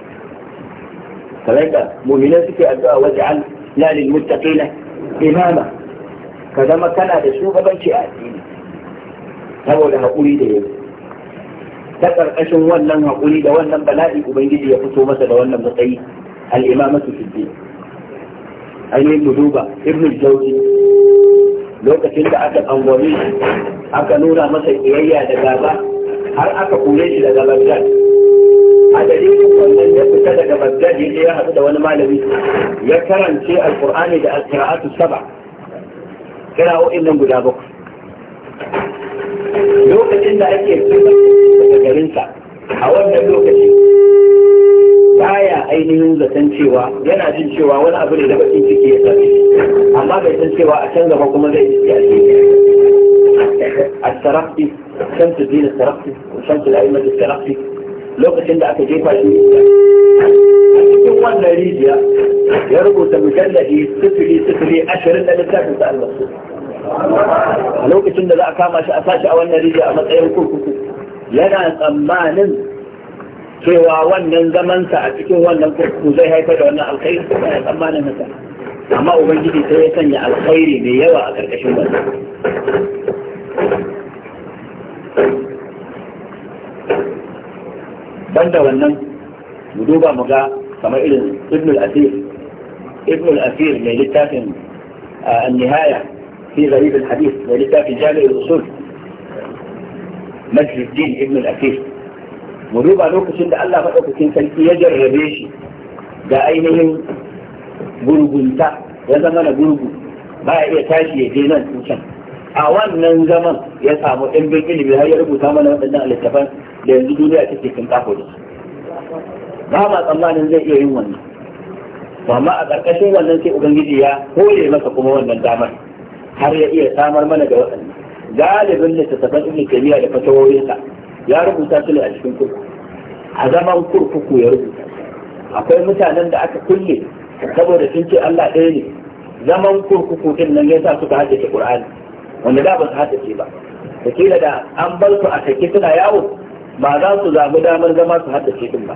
Speaker 1: kalaika mu'minai suke addu'a waj'al la lil muttaqina imama ka zama kana da shugabanci a addini saboda haƙuri da yau ta ƙarƙashin wannan haƙuri da wannan bala'i ubangiji ya fito masa da wannan matsayi al'imamatu fiddi ainihin mu duba ibn jauzi lokacin da aka tsangwame aka nuna masa kiyayya da gaba har aka kore shi daga bagdad a dalilin wannan ya fita daga bagdad ya ya haɗu da wani malami ya karance alqur'ani da alqira'atu saba kira'o'in nan guda bakwai lokacin da ake daga garinsa a wannan lokaci baya ainihin zaton cewa yana jin cewa wani abu ne da bakin ciki ya sami amma bai san cewa a can gaba kuma zai ciki a cikin الترقي شمس الدين الترقي وشمس الأئمة الترقي lokacin da aka jefa shi a cikin wannan rijiya ya rubuta mujalladi sifiri sifiri ashirin da littafin sa almasu lokacin da za a kama shi a sashi a wannan rijiya a matsayin kurkuku yana tsammanin cewa wannan zamansa a cikin wannan kurkuku zai haifar da wannan alkhairi ko ya tsammanin haka amma ubangiji sai ya sanya alkhairi mai yawa a ƙarƙashin wannan banda wannan mu duba mu ga kamar irin ibn al-asir ibn al-asir mai littafin an-nihaya fi gharib al-hadith wa littafin jami' al-usul majruddin ibn al-asir mu duba lokacin da Allah madaukakin sarki ya jarrabe shi da ainihin gurgunta ya zama na gurgu ba ya iya tashi ya je nan can a wannan zaman ya samu ɗimbin ilimi har ya rubuta mana waɗannan littafan da yanzu duniya ke kin kafo da su. ba ma tsammanin zai iya yin wannan
Speaker 2: to amma a ƙarƙashin
Speaker 1: wannan sai ubangiji ya hore masa kuma wannan damar har ya iya samar mana da waɗannan galibin littattafan ibn taymiya da fatawoyinsa ya rubuta su ne a cikin kurkuku a zaman kurkuku ya rubuta akwai mutanen da aka kulle saboda sun ce Allah ɗaya ne zaman kurkuku din nan sa suka ta Qur'ani wanda da ba su haɗa ce ba da da an bar su a sake suna yawo ba za su zamu damar zama su haɗa ce ba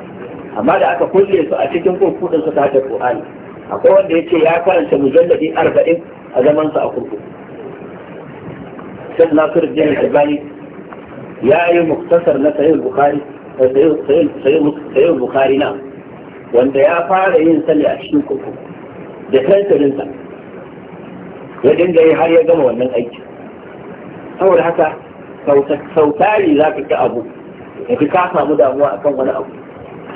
Speaker 1: amma da aka kulle su a cikin kurkudin su ta hada ne, akwai wanda ya ce ya karanta mujalladi arba'in a zaman su a kurkuku sai da Albani ya yi muktasar na Sahih Bukhari eh, bukari na wanda ya fara yin sani a cikin kurkuku da kansarinsa ya dinga yi har ya gama wannan aiki saboda haka sautari za ka ci abu Da fi samu damuwa kan wani abu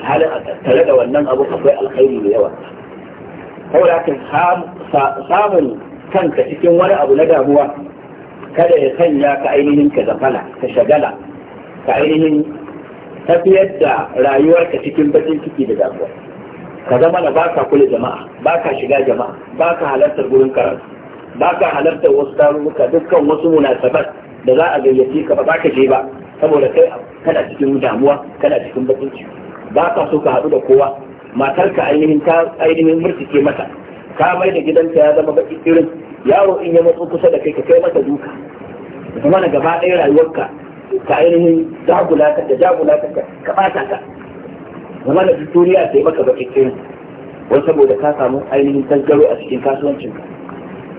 Speaker 1: halin a tattare da wannan abu akwai alkhairi da yawa saboda haka samun kanka cikin wani abu na damuwa kada ya sanya ka ainihin ka zafala ka shagala ka ainihin tafiyar da rayuwarka cikin bakin ciki da damuwa ka zama na baka kula jama'a baka shiga jama'a baka halartar gurin karatu ba ka halartar wasu tarurruka dukkan wasu munasabat da za a gayyace ka ba za ka je ba saboda kai kana cikin damuwa kana cikin bakin ba ka so ka haɗu da kowa matarka ainihin ta ainihin murtike mata ka mai da gidanta ya zama baki irin yaro in ya matso kusa da kai ka kai mata duka kuma na gaba ɗaya rayuwarka ka ainihin jagula ka da jagula ka ka ɓata ka kuma da duniya yi maka baki irin wani saboda ka samu ainihin tangaro a cikin kasuwancinka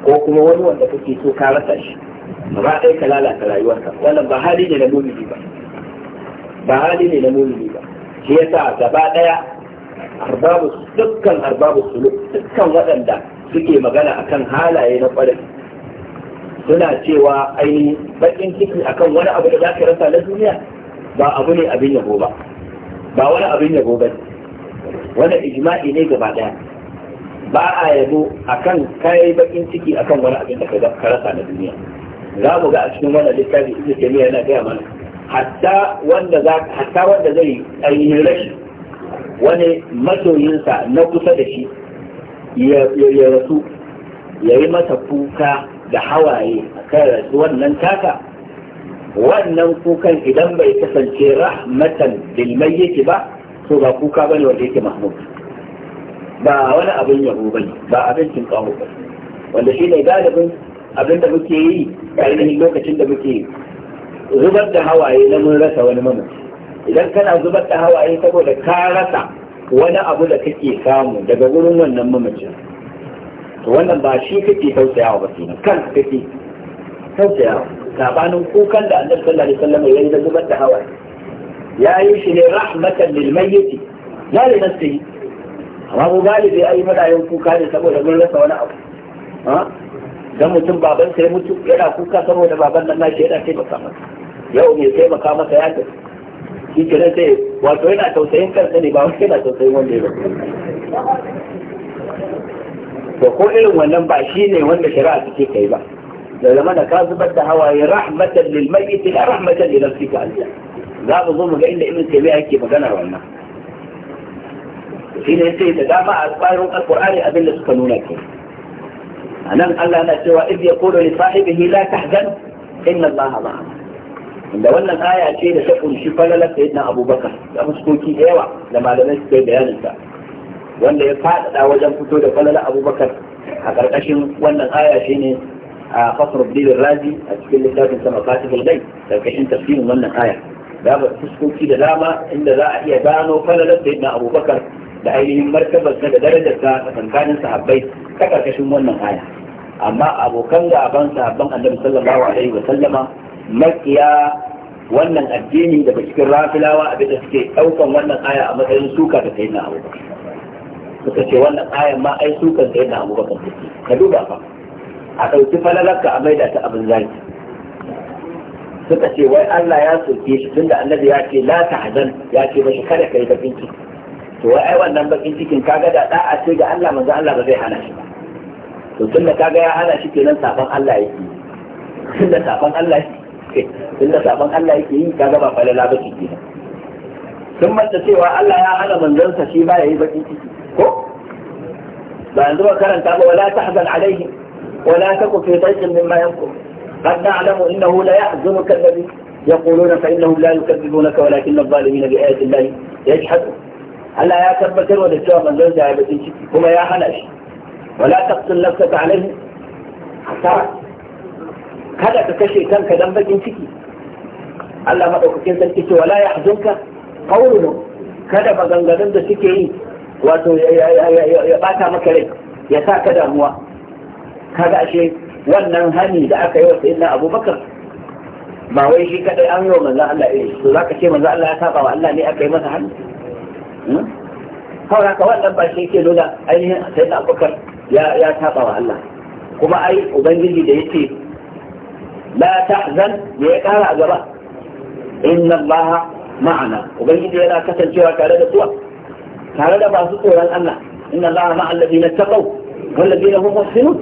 Speaker 1: ko kuma wani wanda kake so ka rasa shi ba ɗaya ka lalata rayuwarka wannan ba hali ne na mulki ba ba hali ne na mulki ba shi yasa gaba ɗaya arbabu dukkan arbabu suluk dukkan waɗanda suke magana akan halaye na ƙwarin suna cewa ainihin bakin ciki akan wani abu da za ka rasa na duniya ba abu ne abin yabo ba ba wani abin yabo ba ne wannan ijma'i ne gaba ɗaya ba a yabo akan kai bakin ciki a kan wani abin da ka karasa na duniya za mu ga a cikin wannan littafi ibnu taymiya yana gaya mana hatta wanda zai ainihin rashi wani masoyinsa na kusa da shi ya rasu ya yi masa kuka da hawaye a kan rasu wannan taka wannan kukan idan bai kasance rahmatan dilmai yaki ba to ba kuka bane wanda yake mahmud ba wani abin yabo ba ne ba abincin kawo ba wanda shi ne galibin abin da muke yi ainihin lokacin da muke zubar da hawaye na mun rasa wani mamaci idan kana zubar da hawaye saboda ka rasa wani abu da kake samu daga wurin wannan mamacin to wannan ba shi kake tausayawa ba kenan kan kake tausayawa sabanin kukan da annabi sallallahu alaihi wasallam ya yi da zubar da hawaye ya yi shi ne rahmatan lil mayyit la li nafsihi amma mu galibi ai madayin kuka ne saboda mun rasa wani abu dan mutum baban sai mutu yana kuka saboda baban nan nashi yana taimaka masa yau ne taimaka masa ya tafi shi ke sai wato yana tausayin kansa ne ba wani yana tausayin wanda ya ba ko irin wannan ba shi ne wanda shari'a take kai ba da zama da ka zubar da hawaye rahmatan lil mayyit la rahmatan li nafsika anta za mu zo mu ga inda ibn tabi'a yake maganar wannan shi ne sai da dama a bayan alqur'ani abin da suka nuna ke anan Allah yana cewa idh yaqulu li sahibihi la tahzan inna Allah ma'ana inda wannan aya ce da ta kunshi falalar sayyidina Abubakar da muskoki da yawa da malamai kai bayanin sa wanda ya faɗaɗa wajen fito da falalar Abubakar a ƙarƙashin wannan aya ne a fasar bilin razi a cikin littafin sama fatihul gai ƙarƙashin tafsirin wannan aya da fuskoki da dama inda za a iya gano falalar sayyidina Abubakar da ainihin martabarsa da darajarsa tsakanin sahabbai ta karkashin wannan aya amma abokan gaban sahabban annabi sallallahu alaihi wa sallama makiya wannan addini da cikin rafilawa a abinda suke daukan wannan aya a matsayin suka da sayyidina abubakar suka ce wannan aya ma ai sukan sayyidina abubakar take ka duba fa a ɗauki falalarka a maida ta abin zaki suka ce wai Allah ya soke shi tunda annabi ya ce la tahzan ya ce mashi kada kai da ciki to ai wannan bakin cikin kaga da da'a ce ga Allah manzo Allah ba zai hana shi ba to tunda kaga ya hana shi kenan saban Allah yake tunda saban Allah tunda saban Allah yake yi kaga ba falala ba ce kenan sun manta cewa Allah ya hana manzansa shi ba yayi bakin ciki ko ba yanzu ba karanta ba wala tahzan alaihi wala taku fi dayqin mimma yankum قد نعلم انه لا يحزنك الذي يقولون فانهم لا يكذبونك ولكن الظالمين بايات الله يجحدون Allah ya tabbatar da cewa manzon da ya bakin ciki kuma ya hana shi wala taqtul nafsaka alaihi hasara kada ka kashe kanka dan bakin ciki Allah madaukakin sarki ce wala yahzunka qawluhum kada maganganun da suke yi wato ya bata maka rai ya sa ka damuwa kaga ashe wannan hani da aka yi wa sayyidina Abubakar ba wai shi kadai an yi wa manzo Allah eh to zaka ce manzo Allah ya saba wa Allah ne aka yi masa hani Hmm? kawai haka wannan ba shi ke nuna ainihin sai da abubakar ya taɓa wa Allah kuma ai ubangiji da yake la ta'zan ya kara a gaba inna allaha ma'ana ubangiji yana kasancewa tare da kuwa tare da masu tsoron Allah inna allaha ma'a alladhina taqaw wal ladina hum muhsinun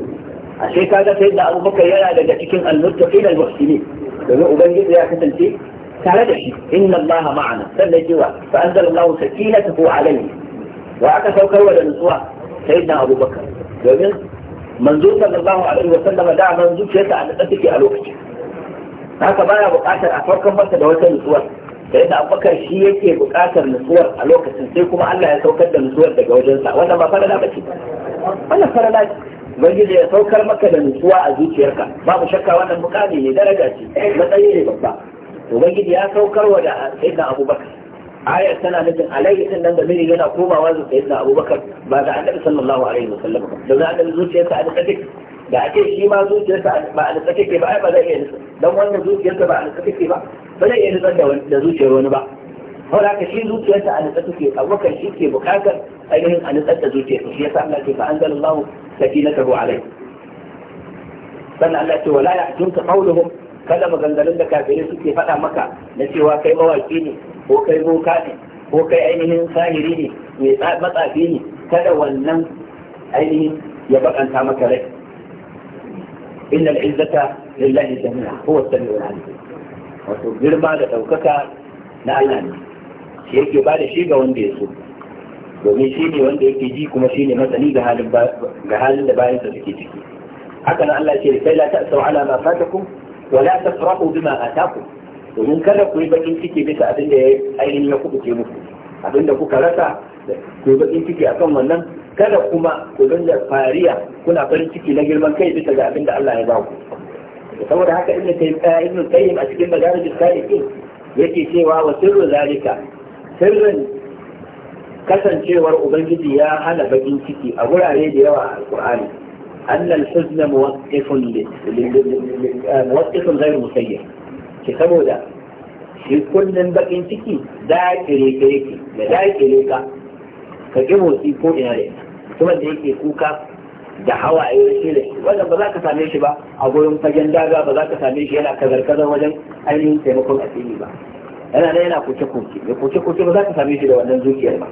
Speaker 1: ashe kaga sai da abubakar yana daga cikin al-muttaqin al-muhsinin domin ubangiji ya kasance tare da shi inna allaha ma'ana sannan cewa fa anzala allahu sakinatahu alayhi wa aka saukar wa da nutsuwa sayyidina abubakar domin manzo sallallahu alaihi wa sallama da man zuciyarsa a nutsa take a lokaci haka baya buƙatar a saukar masa da wata nutsuwa sayyidina abubakar shi yake buƙatar nutsuwar a lokacin sai kuma Allah ya saukar da nutsuwar daga wajensa wannan ba farala bace wannan farala ce ubangiji ya saukar maka da nutsuwa a zuciyarka babu shakka wannan mukami ne daraja ce matsayi ne babba ubangiji ya saukar wa da sayyidina abubakar ayar tana nufin alayhi din nan da miri yana komawa zuwa sayyidina abubakar ba ga annabi sallallahu alaihi wasallam ba da annabi zuciyarsa a tsake da ake shi ma zuciyarsa ba a tsake ke ba ai ba zai iya nisa dan wannan zuciyarsa ba a tsake ke ba ba zai iya nisa da zuciyar wani ba saboda haka shi zuciyarsa a nisa ke. abubakar shi ke bukatar ainihin a nisa da zuciyarsa shi yasa Allah ke fa anzalallahu sakinatahu alaihi sannan Allah ce wala ya'tunka qawluhum kada maganganun da kafirai suke faɗa maka na cewa kai mawaki ne ko kai boka ne ko kai ainihin sahiri ne mai matsafi ne kada wannan ainihin ya bakanta maka rai inna al'izzata lillahi jami'a huwa sami'ul alim wato girma da ɗaukaka na Allah ne shi yake ba da shi ga wanda ya so domin shi ne wanda yake ji kuma shi ne matsali ga halin da bayansa suke ciki haka nan Allah ce kai la ta'sau ala ma fatakum wala farko bima ataku domin kada ku yi bakin ciki bisa abin da ya ainihin ya kubuce muku abin da kuka rasa ku yi bakin ciki akan wannan kada kuma ku dinga fariya kuna farin ciki na girman kai bisa ga abin da Allah ya ba ku saboda haka inda kai ibn qayyim a cikin madarij salikin yake cewa wa sirru zalika sirrin kasancewar ubangiji ya hana bakin ciki a gurare da yawa a alqur'ani أن الحزن موقف موقف غير مسير ki saboda shi kullum bakin ciki daƙire ka yake da daƙire ka ka ƙi motsi ko ina da ina da yake kuka da hawaye da shi da shi wannan ba za ka same shi ba a gurin fagen daga ba za ka same shi yana kazar-kazar wajen ainihin taimakon asiri ba yana nan yana kuce-kuce da kuce-kuce ba za ka same shi da wannan zuciyar ba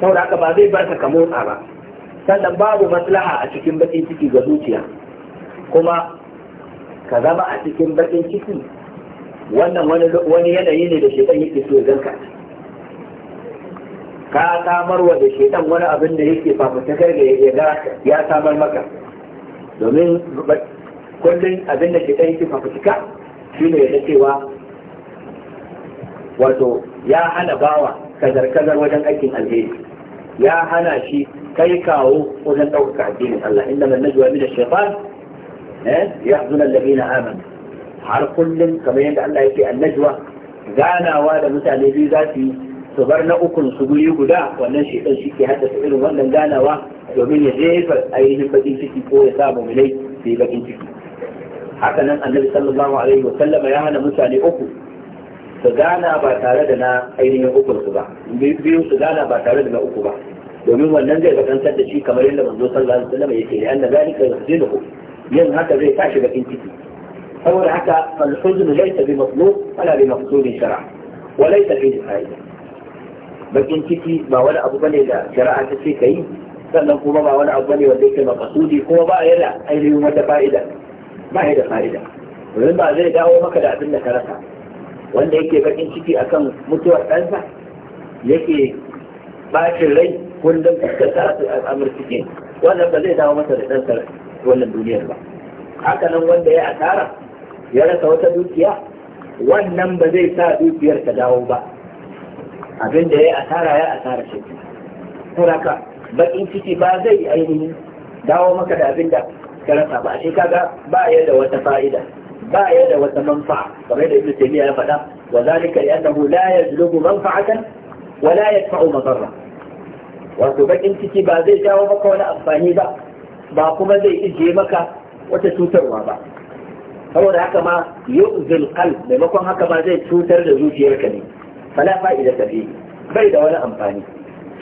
Speaker 1: saboda haka ba zai bar ka kamo ba sannan babu maslaha a cikin bakin ciki ga zuciya kuma ka zama a cikin bakin ciki wannan wani yanayi ne da shekan yake so ya ka ka samarwa da shekan wani abin da yake fafutukar da ya samar maka domin kullum abin da shekan yake fafutuka shi ne da cewa wato ya hana bawa kazar-kazar wajen aikin alheri ya hana shi kai kawo wajen ɗaukaka addinin Allah inda man najwa min ash-shaytan eh yahzun alladhina amanu har kullum kamar yadda Allah yake annajwa ganawa da mutane biyu za su yi su bar na ukun su guri guda wannan shekan shi ke haddasa irin wannan ganawa domin ya jefa ainihin bakin ciki ko ya sa mumilai su yi bakin ciki haka nan annabi sallallahu alaihi wa sallama ya hana mutane uku su gana ba tare da na ainihin ukun su ba biyu su gana ba tare da na uku ba domin wannan zai bakantar da shi kamar yadda manzo sallallahu alaihi wasallam yake ne annabi zalika yahdinuhu yin haka zai tashi bakin ciki saboda haka al-huzn laysa bi matlub wala bi maqsudin shar'a wa laysa fi fa'ida bakin ciki ba wani abu bane da shara ta ce kai sannan kuma ba wani abu bane wanda yake maqsudi kuma ba ya da ainihin wata fa'ida ba ya da fa'ida domin ba zai dawo maka da abin da ka rasa wanda yake bakin ciki akan mutuwar ɗansa yake bacin rai kullum da sa su al'amur cikin wannan ba zai dawo masa da ɗansa wannan duniyar ba haka nan wanda ya asara ya rasa wata dukiya wannan ba zai sa dukiyar ta dawo ba abin da ya asara ya asara shi saboda bakin ciki ba zai ainihin dawo maka da abin da ka rasa ba a shi kaga ba ya da wata fa'ida ba ya da wata manfa'a kamar da ibnu taymiya ya faɗa wa zalika li annahu la yajlubu manfa'atan wa la yadfa'u madarra wato bakin ciki ba zai jawo maka wani amfani ba ba kuma zai ije maka wata cutarwa ba saboda haka ma yu'zil qalb maimakon haka ma zai cutar da zuciyarka ne fala fa'ida ta fi bai da wani amfani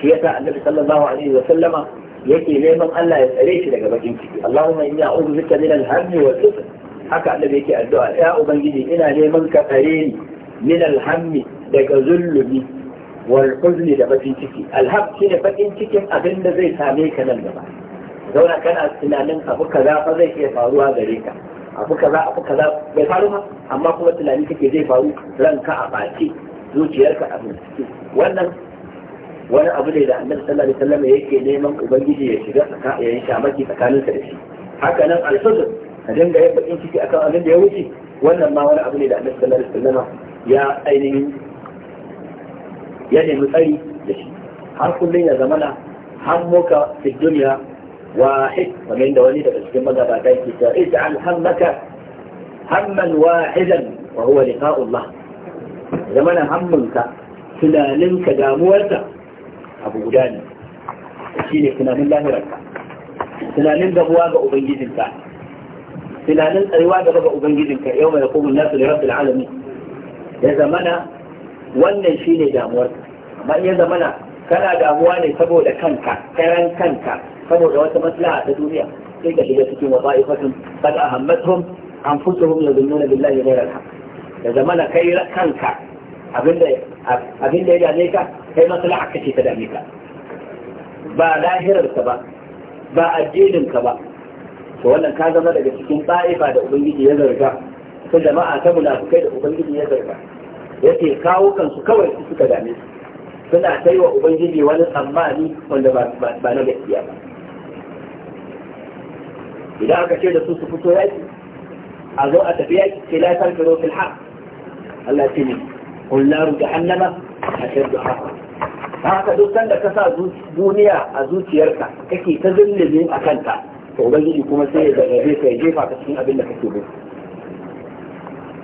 Speaker 1: shi yasa annabi sallallahu alaihi wa sallama yake neman Allah ya tsare shi daga bakin ciki Allahumma inni a'udhu bika min al-hammi wal-huzn haka annabi yake addu'a ya ubangiji ina neman ka tsare ni min alhammi daga zulumi wal huzni da bakin ciki alham shine bakin cikin abin da zai same ka nan gaba zauna kana tunanin abu kaza fa zai iya faruwa gare ka abu kaza abu kaza bai faru ba amma kuma tunanin kake zai faru ranka a bace zuciyarka a wannan wani abu ne da annabi sallallahu alaihi wasallam yake neman ubangiji ya shiga tsaka ya yi shamaki tsakaninsa da shi haka nan alfazur a dinga yin bakin ciki akan abin da ya wuce wannan ma wani abu ne da annabi sallallahu alaihi wasallam ya ainihin ya nemi tsari da shi har kullum ya zamana hammuka fi dunya wahid kamar da wani daga cikin magabata yake cewa ij'al hammaka hamman wahidan wa huwa liqa'ullah zamana hammunka tunaninka damuwarka abu guda ne shine tunanin tunanin gabuwa ga ubangijinka tunanin tsayuwa da raba ubangijinka yau mai hukumar nasu da rabbil alamin ya zamana wannan shine damuwarka amma ya zamana kana damuwa ne saboda kanka karan kanka saboda wata maslaha ta duniya sai ka shiga cikin wasa'ifatun qad ahammatuhum anfusuhum yadhunnuna billahi ghayra al-haq ya ya zamana kai kanka abinda abinda ya dame ka kai maslaha kace ta dame ka ba lahirar ba ba addinin ba to wannan ka zama daga cikin ta'ifa da ubangiji ya zarga ta jama'a ta munafukai da ubangiji ya zarga yake kawo kansu kawai su suka dame su suna kai wa ubangiji wani tsammani wanda ba na gaskiya ba idan aka ce da su su fito yaki a zo a tafi yaki ce la tarkiro fil haq Allah ce ne qul naru jahannama ashaddu haqa haka duk sanda ka sa duniya a zuciyarka kake ta zullumin a kanta تغبالي يكون سيئة دائرية سيئة فعتسين أبلا كتوبة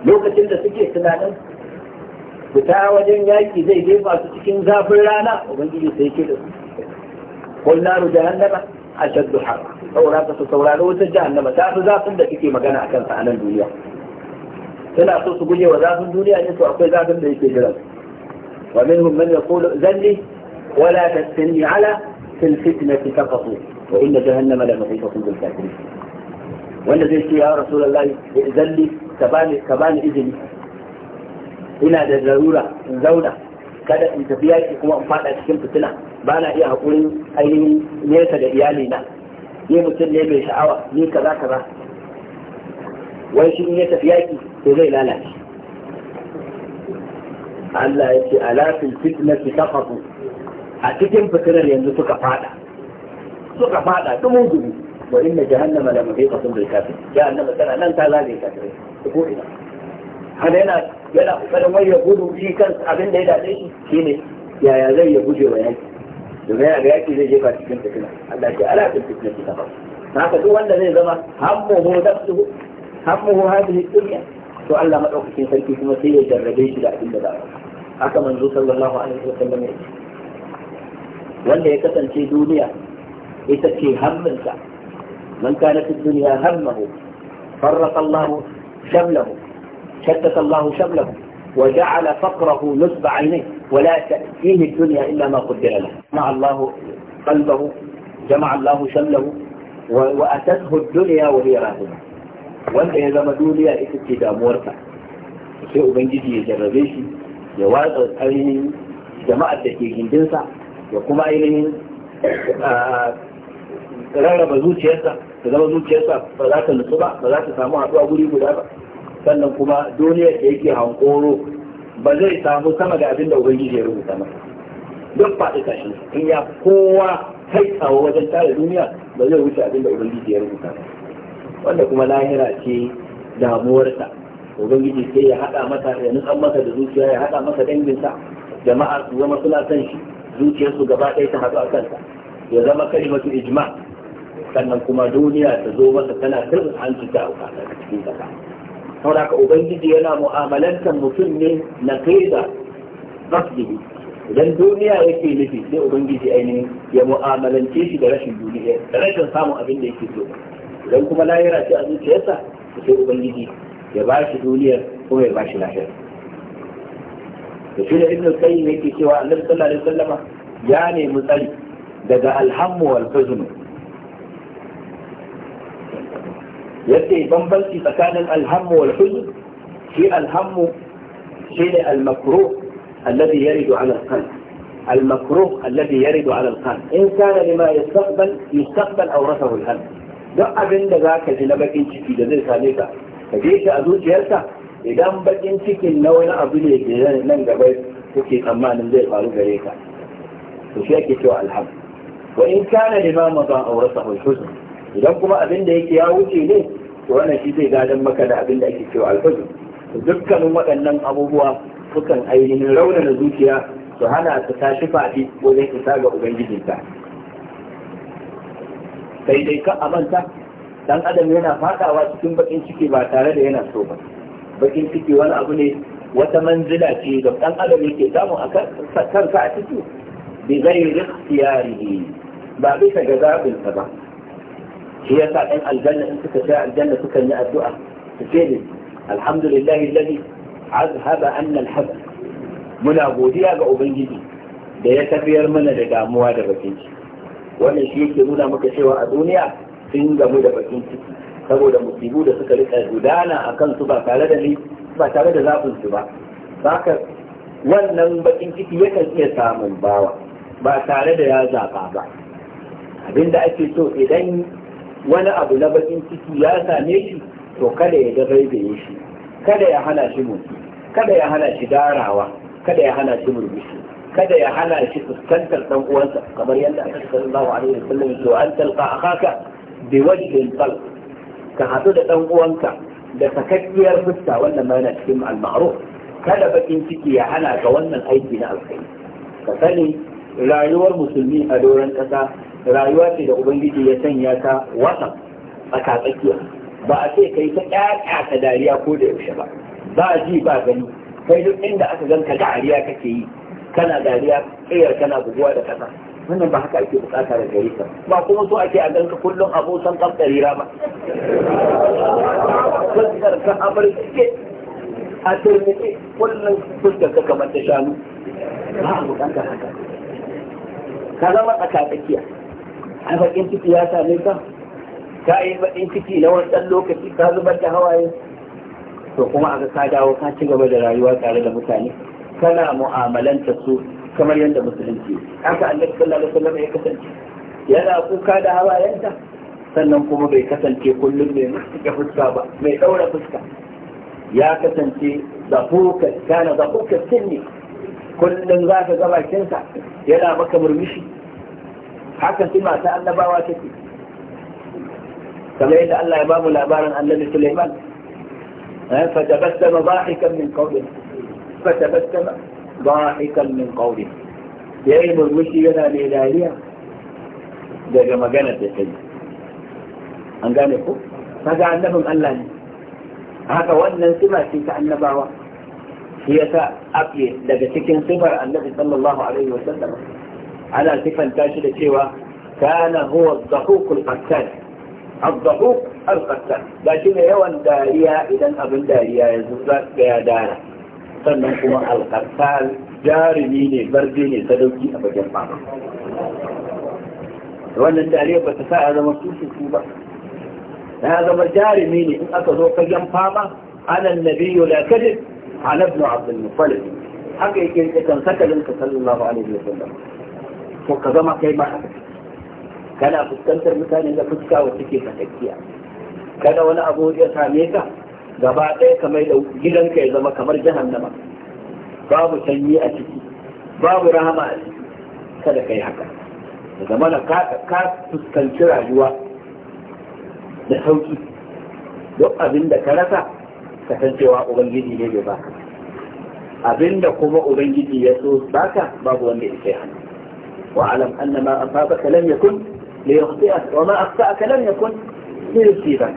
Speaker 1: لوكا تلتا سيئة سلالة بتاع وجن جاي إزاي جيب عتسين زافر لانا وبنجي يسيئة كده قل نار جهنم أشد حق أو رابطة صورانه وتجهنم تاخذ ذات اللي كي مغانا أكان فعنا الدنيا فلا أصوص بجي وذات الدنيا أن يسوع في ذات اللي يتجرم ومنهم من يقول ذني ولا تستني على في الفتنة تفصل wa inda jahannama la muhitatun bil kafirin wanda zai ce ya rasulullahi zalli ka bani ka izini ina da zarura in zauna kada in tafi yaki kuma in fada cikin fitina ba na iya haƙurin ainihin nesa da iyali na ni mutum ne mai sha'awa ni kaza kaza wai shi in ya tafi yaki to zai lalace Allah ya ce ala fitna fitnati taqatu a cikin fitinar yanzu suka fada suka fada dumun gudu wa inna jahannama la muhiqatun bil kafir jahannama tana nan ta zagaye kafirai ko ina hada yana yana kokarin wai ya gudu shi kan abin da ya dace shi shine yaya zai ya guje wa yaki domin yana ga yaki zai jefa cikin fitina Allah ya ala cikin fitina ta ba duk wanda zai zama hammuhu nafsuhu hammuhu hadhihi dunya to Allah madaukakin sarki kuma sai ya jarrabe shi da abin da za haka manzo sallallahu alaihi wasallam ya ce wanda ya kasance duniya لتكفي هم الانسان من كانت الدنيا همه فرق الله شمله شتت الله شمله وجعل فقره نصب عينيه ولا تأتيه الدنيا إلا ما قدر له جمع الله قلبه جمع الله شمله وأتته الدنيا وهي راهنة وانت يا زمان دوليا اكتب كده مورتا الشيء بنجدي يجربيش يواد الحليم جماعة تكي جندنسا يقوم إليه ka rarraba zuciyarsa ka zama zuciyarsa ba za ta nutsu ba ba za ta samu haɗuwa guri guda ba sannan kuma duniyar da yake hankoro ba zai samu sama da abin da ubangiji ya rubuta masa duk faɗi tashi in ya kowa kai tsawo wajen tara duniya ba zai wuce abin da ubangiji ya rubuta masa wanda kuma lahira ce damuwarsa ubangiji sai ya haɗa masa ya nutsan masa da zuciya ya haɗa masa danginsa jama'a su zama suna son shi zuciyarsu gaba ɗaya ta haɗu a kansa ya zama kalimatu ijma sannan kuma duniya ta zo masa tana turbin hanci ta auka daga cikin kasa saboda ka ubangiji yana mu'amalantar mutum ne na kaiza qasdihi idan duniya yake nufi sai ubangiji ainihin ya mu'amalance shi da rashin duniya da rashin samun abin da yake so idan kuma lahira ce a zuciyarsa sai ubangiji ya ba shi duniyar kuma ya ba shi lahira da shi da ibn qayyim yake cewa annabi sallallahu alaihi wasallama ya nemi tsari daga alhammu wal huzn yadda bambanci tsakanin alhammu wal huzn shi alhammu shi ne al-makruh alladhi yaridu ala al-qalb al-makruh alladhi yaridu ala al-qalb in kana lima yastaqbal yastaqbal aw rasahu al-qalb duk abin da zaka ji na bakin ciki da zai same ka ka je shi a zuciyarka idan bakin cikin na wani abu ne da nan gaba kuke tsammanin zai faru gare ka to shi ake cewa alhamdu wa in kana lima madan aw rasahu al-huzn idan kuma abin da yake ya wuce ne to wannan shi zai gadon maka da abin da ake cewa alfajir dukkanin waɗannan abubuwa sukan ainihin raunana zuciya su hana su tashi faɗi wajen isa ga ubangijinta sai dai ka amanta dan adam yana fadawa cikin bakin ciki ba tare da yana so ba bakin ciki wani abu ne wata manzila ce da dan adam yake samu a kansa a ciki bi ghairi ikhtiyarihi ba bisa ga zabinsa ba shi yasa ɗan aljanna in suka sha aljanna sukan yi addu'a su ce ne alhamdulillahi alladhi azhaba anna alhazan muna godiya ga ubangiji da ya tafiyar mana da damuwa da bakin ciki wannan shi yake nuna maka cewa a duniya sun gamu da bakin ciki saboda musibu da suka rika gudana a kansu ba tare da ni ba tare da zafin su ba ka wannan bakin ciki yakan iya samun bawa ba tare da ya zaba ba abinda ake so idan wani abu na bakin ciki ya same shi to kada ya ga baibaye shi kada ya hana shi motsi kada ya hana shi darawa kada ya hana shi murmushi kada ya hana shi fuskantar dan uwansa kamar yadda aka sallallahu alaihi wasallam to an talqa akhaka bi wajhin tal ka hadu da dan uwanka da sakakkiyar fuska wannan ma yana cikin al-ma'ruf kada bakin ciki ya hana ga wannan aiki na alkhairi ka sani rayuwar musulmi a doron kasa rayuwa ce da ubangiji ya sanya ta wasa a katsakiya ba a ce kai ta ƙyaƙya ta dariya ko da yaushe ba ba ji ba gani kai duk inda aka gan ganka dariya kake yi kana dariya tsayar kana buguwa da kasa wannan ba haka ake bukata da gare ka ba kuma so ake a gan ka kullum abokan kamtsarira ba fuskar ka amurke a turmike kullum fuskar ka kamar ta shanu ba a bukatar haka ka zama a katsakiya. a bakin ciki ya same ka ka yi bakin ciki na wani ɗan lokaci ka zubar da hawaye to kuma a ka dawo ka ci gaba da rayuwa tare da mutane kana mu'amalanta su kamar yadda musulunci haka annabi sallallahu alaihi wasallam ya kasance yana kuka da hawayenta sannan kuma bai kasance kullum mai mutuka fuska ba mai daura fuska ya kasance zafuka kana zafuka sinni kullum za ka ga bakinsa yana maka murmushi haka sima ta annabawa take kamar yadda Allah ya ba mu labarin annabi Sulaiman eh, fa tabassama dhahikan min qawli fa tabassama dhahikan min qawli yayi murmushi yana mai dariya daga magana da kai an gane ko kaga annabin Allah ne haka wannan sima ce ta annabawa shi yasa ake daga cikin sifar annabi sallallahu alaihi wasallam على سفة تاشدة شوى كان هو الضحوك القتال الضحوك القتال لكن يوان داريا إذا أبن داريا يزدد بها دارا سننكم القتال جاري ميني برديني سدوكي أبا جمعه وأن الداريا بتساء هذا مصوش الكوبة هذا مجاري ميني إن أتذوق جمعه أنا النبي لا كذب على ابن عبد المطلب حقيقة كان سكلا صلى الله عليه وسلم to ka zama kai ma kana fuskantar mutane da fuska wacce ke fatakkiya kana wani abu ya same ka gaba ɗaya ka mai da gidanka ya zama kamar jahannama babu sanyi a ciki babu rahama a ciki kada ka yi haka da zamana ka fuskanci rayuwa da sauki duk abin da ka rasa ka san cewa ubangiji ne bai baka abin da kuma ubangiji ya so baka babu wanda ya kai hannu واعلم أن ما أصابك لم يكن ليخطئك وما أخطأك لم يكن ليصيبك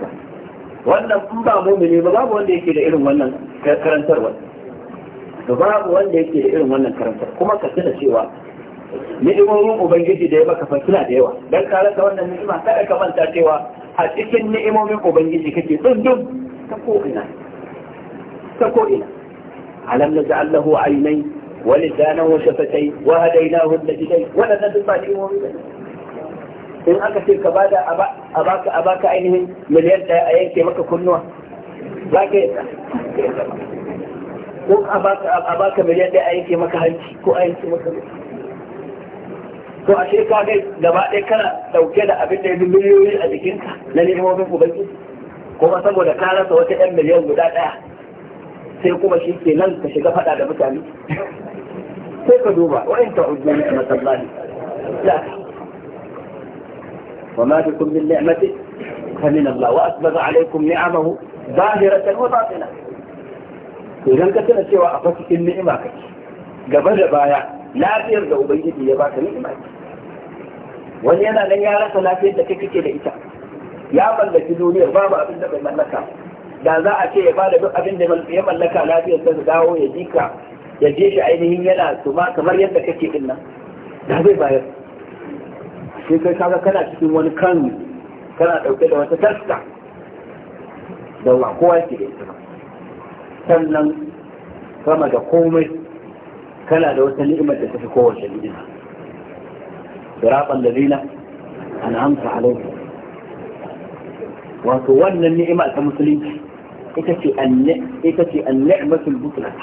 Speaker 1: wannan in ba mumini ba babu wanda yake da irin wannan karantarwa to babu wanda yake da irin wannan karantar kuma ka tuna cewa ni'imomin ubangiji da ya maka fa suna da yawa dan ka rasa wannan ni'ima kada ka manta cewa a cikin ni'imomin ubangiji kake dundun ta ko ina ta ko ina alam naj'al lahu aynay ولسانا وشفتين وهديناه النجدين ولا ندفع لهم in aka ce ka bada a baka a baka ainihin miliyan ɗaya a yanke maka kunnuwa za ka yi ko a a baka miliyan ɗaya a yanke maka hanci ko a yanke maka to a shirka gaba ɗaya kana ɗauke da abin da ya miliyoyi a jikinka na neman wafin ubangiji kuma saboda ka rasa wata yan miliyan guda ɗaya sai kuma shi ke nan ka shiga faɗa da mutane sai ka duba wa'in ta'uddu ni'mat Allah la wa ma bikum min ni'mati fa min Allah wa asbagha alaykum ni'amahu zahiratan wa batina idan ka tana cewa a fasikin ni'ima kake gaba da baya lafiyar da ubangiji ya baka ni'ima wani yana nan ya rasa lafiyar da kake da ita ya mallaki duniyar babu abin da bai mallaka da za a ce ya bada duk abin da ya mallaka lafiyar sa dawo ya jika ya je shi ainihin yana su ma kamar yadda kake din nan da zai bayar sai kai kaga kana cikin wani kan kana dauke da wata taska da wa kowa yake da ita sannan sama da komai kana da wata ni'imar da tafi kowace ni'ima siratal ladina an'amta alaihim wato wannan ni'ima ta musulunci ita ce ita ce an-ni'matul butlat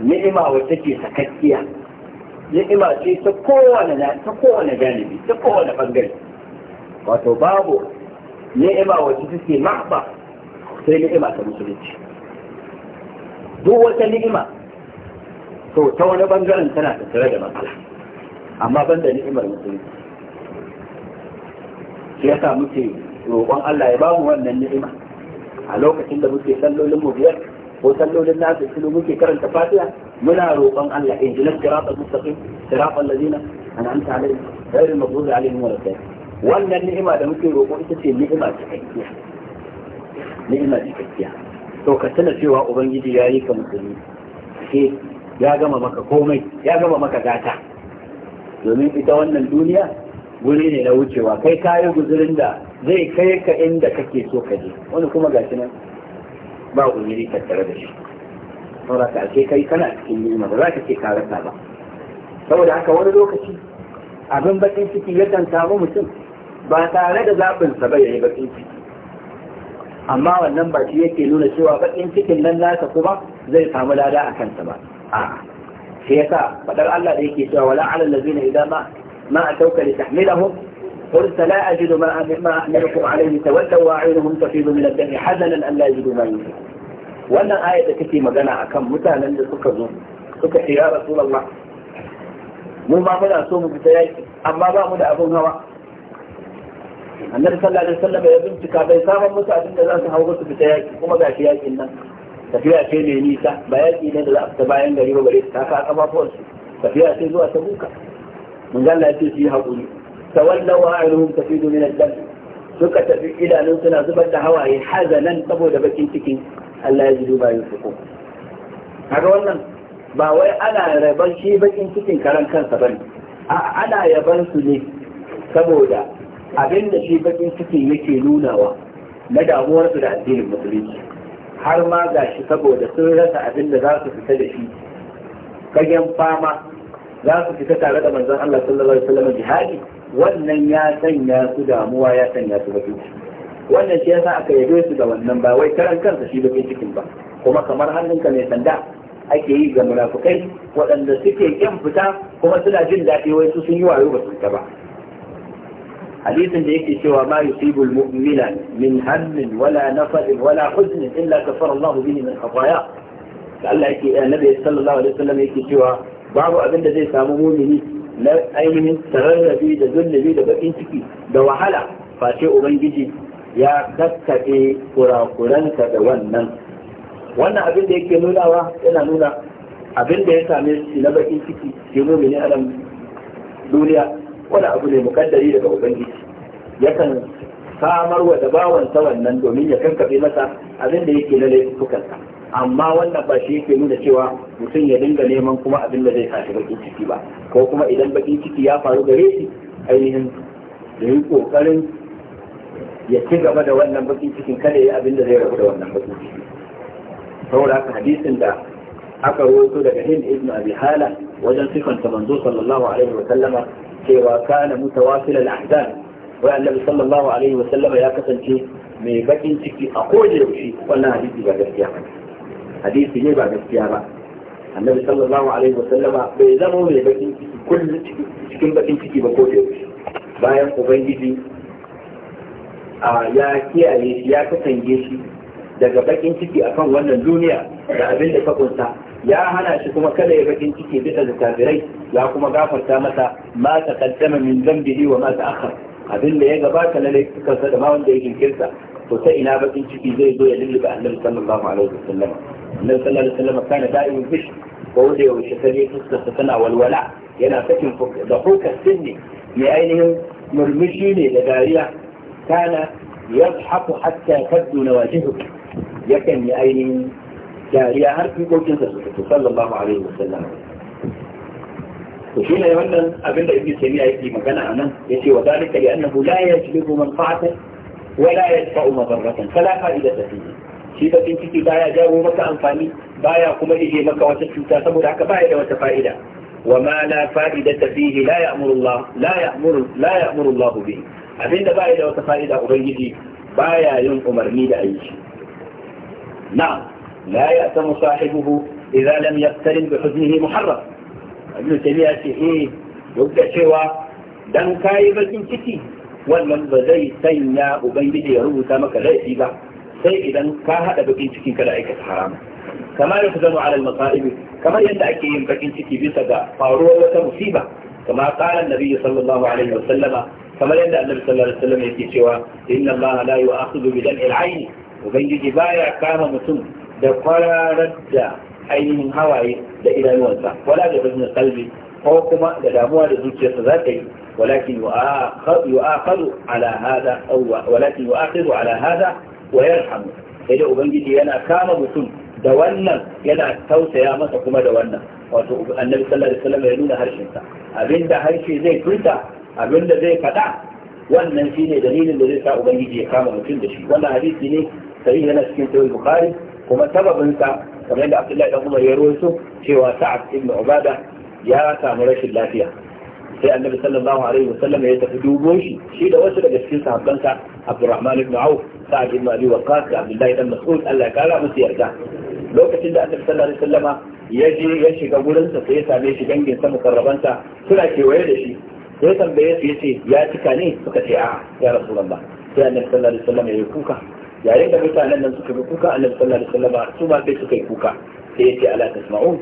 Speaker 1: ni'ima wacce ke sakakkiya ni'ima ce ta kowane ta kowane galibi ta kowane bangare wato babu ni'ima wacce take mahba sai ni'ima ta musulunci duk wata ni'ima to ta wani bangaren tana tattare da matsala amma ban da ni'imar musulunci shi yasa muke roƙon Allah ya bamu wannan ni'ima a lokacin da muke sallolin mu biyar ko sallolin na su sulu muke karanta fatiha muna roƙon Allah in jinas siratal mustaqim siratal ladina an'amta alaihim ghayril maghdubi alaihim dhalin wannan ni'ima da muke roƙo ita ce ni'ima cikakkiya ni'ima cikakkiya to ka tana cewa ubangiji ya yi ka musulmi ke ya gama maka komai ya gama maka gata domin ita wannan duniya guri ne na wucewa kai kayi guzurin da zai kai ka inda kake so ka je wani kuma gashi nan ba uzuri tattare da shi saboda ka ake kai kana cikin ni'ima ba za ka ce karanta ba saboda haka wani lokaci abin bakin ciki ya kan samu mutum ba tare da zaɓinsa ba ya yi bakin ciki amma wannan ba shi yake nuna cewa bakin cikin nan nasa kuma zai samu lada a kansa ba a shi yasa faɗar Allah da yake cewa wala ala allazina idan ma ma atauka li tahmilahum قلت لا أجد ما أحملكم عليه تولوا وعينهم تفيد من الدم حزنا أن لا يجدوا ما يجدوا وأنا آية كثي مجنع كم متانا لتكذوا تكحي يا رسول الله مو ما منا أصوم بسياج أما ما منا أبو هوا النبي صلى الله عليه وسلم يا بنت كابي سامة متى أجد أن تحوظت بسياج وما بأشياء إنا تفيها شيء ليسا بأيكي لدى الأبتبائن غريب وغريب تاكا أما فوش تفيها شيء ذو أسبوك من قال لا يجد فيها أبو tawallaw a'yunuhum tafidu min ad-dam suka tafi idanun suna zubar da hawaye hazanan saboda bakin cikin Allah ya jidu bayan su ko kaga wannan ba wai ana raban shi bakin cikin karan kansa bane a ana yaban su ne saboda abin da shi bakin cikin yake nunawa na damuwarsu da addinin musulunci har ma gashi saboda sun rasa abin da za su fita da shi fagen fama za su fita tare da manzon Allah sallallahu alaihi wasallam jihadi wannan ya sanya su damuwa ya sanya su bakin ciki wannan shi yasa aka yabe su da wannan ba wai karan kansa shi bakin cikin ba kuma kamar hannunka mai sanda ake yi ga munafukai waɗanda suke kyan fita kuma suna jin daɗi wai su sun yi wayo ba su fita ba hadisin da yake cewa ma yusibul mu'mina min hammin wala nafadin wala huznin illa kafara Allahu bihi min khataya Allah yake annabi sallallahu alaihi wasallam yake cewa babu abin da zai samu mumini na ainihin tararrabi da zullabi da bakin ciki da wahala face ubangiji ya kakkaɓe kurakuranka da wannan wannan abin da yake nunawa yana nuna abin da ya same shi na bakin ciki ke ne a nan duniya wani abu ne mukaddari daga ubangiji yakan samar wa da bawansa wannan domin ya kankaɓe masa abin da yake na laifukansa amma wannan ba shi yake nuna cewa mutum ya dinga neman kuma abin da zai tashi bakin ciki ba ko kuma idan bakin ciki ya faru gare shi ainihin da yi kokarin ya ci gaba da wannan bakin cikin kada ya abin da zai rabu da wannan bakin ciki saboda haka hadisin da aka rawaito daga Hind ibn Abi Hala wajen sifanta manzo sallallahu alaihi wa sallama cewa kana mutawasil al-ahdan wa annabi sallallahu alaihi wa sallama ya kasance mai bakin ciki a kowace yaushe wannan hadisi ba gaskiya ba hadisi ne ba gaskiya ba annabi sallallahu alaihi wasallama bai zama mai bakin ciki cikin bakin ciki ba ko dai bayan ubangiji ya kiyaye shi ya kasance shi daga bakin ciki akan wannan duniya da abin da ka kunta ya hana shi kuma kada ya bakin ciki bisa da tabirai ya kuma gafarta masa ma ta kaddama min zambihi wa ma ta akhar abin da ya gabata na laifukansa da ma wanda ya jinkirta to sai ina bakin ciki zai zo ya lulluba annabi sallallahu alaihi wasallam annabi sallallahu alaihi wasallam kana da'imin fish ko wanda ya wuce sai fuskar tana walwala yana sakin da hukar sinni mai ainihin murmushi ne da dariya kana yadhaku hatta kaddu nawajihu yakan yi ainihin dariya har fikokinsa su fito sallallahu alaihi wasallam وشينا يقولنا أبن ابن تيمية يجي مكان أنا يجي وذلك لأنه لا يجلب منفعة ولا يدفع مضرة فلا فائدة فيه shi bakin ciki baya jawo maka amfani baya kuma ije maka wata cuta saboda haka baya da wata fa'ida wa ma fa'idata fihi la ya'muru Allah la ya'muru abinda baya da wata fa'ida ubangiji baya yin umarni da aiki na'am la ya'tamu sahibuhu idza lam yaqtarin bi huznihi muharram ibn taymiya ce e, duk da cewa dan kai bakin ciki wannan ba zai sanya ubangiji ya rubuta maka laifi ba sai idan ka hada bakin cikin ka da aikata haramun kamar yadda zama alal masaibi kamar yadda ake yin bakin ciki bisa ga faruwar wata musiba kamar qala annabi sallallahu alaihi wasallama kamar yadda annabi sallallahu alaihi wasallam yake cewa inna allaha la yu'akhidhu bi dal'il ayn ubangiji baya kama mutum da kwararar da ainihin hawaye da idanuwansa wala da bazin qalbi ko kuma da damuwa da zuciyarsa za ta yi walakin yu'akhadhu ala hada aw walakin yu'akhadhu ala hada wa yarhamu sai da ubangiji yana kama mutum da wannan yana tausaya masa kuma da wannan wato annabi sallallahu alaihi wasallam ya nuna harshen harshensa abinda harshe zai furta abinda zai faɗa wannan shine dalilin da zai sa ubangiji ya kama mutum da shi wannan hadisi ne sai yana cikin sahih bukhari kuma sababin sa kamar da Abdullahi dan Umar ya rawaito cewa Sa'ad ibn Ubada ya samu rashin lafiya sai annabi sallallahu alaihi wasallam ya tafi dubo shi shi da wasu daga cikin sahabbansa Abdurrahman ibn Auf Sa'ad ibn Abi Waqqas Abdullah ibn Mas'ud Allah ya kara musu yarda lokacin da annabi sallallahu alaihi wasallama ya je ya shiga gurin sa sai ya same shi dangin sa mukarrabansa suna kewaye da shi sai tambaye su yace ya cika ne suka ce a'a ya rasulullah sai annabi sallallahu alaihi wasallama ya yi kuka yayin da mutanen nan suka yi kuka annabi sallallahu alaihi wasallama su ma sai suka yi kuka sai ya ce ala tasma'un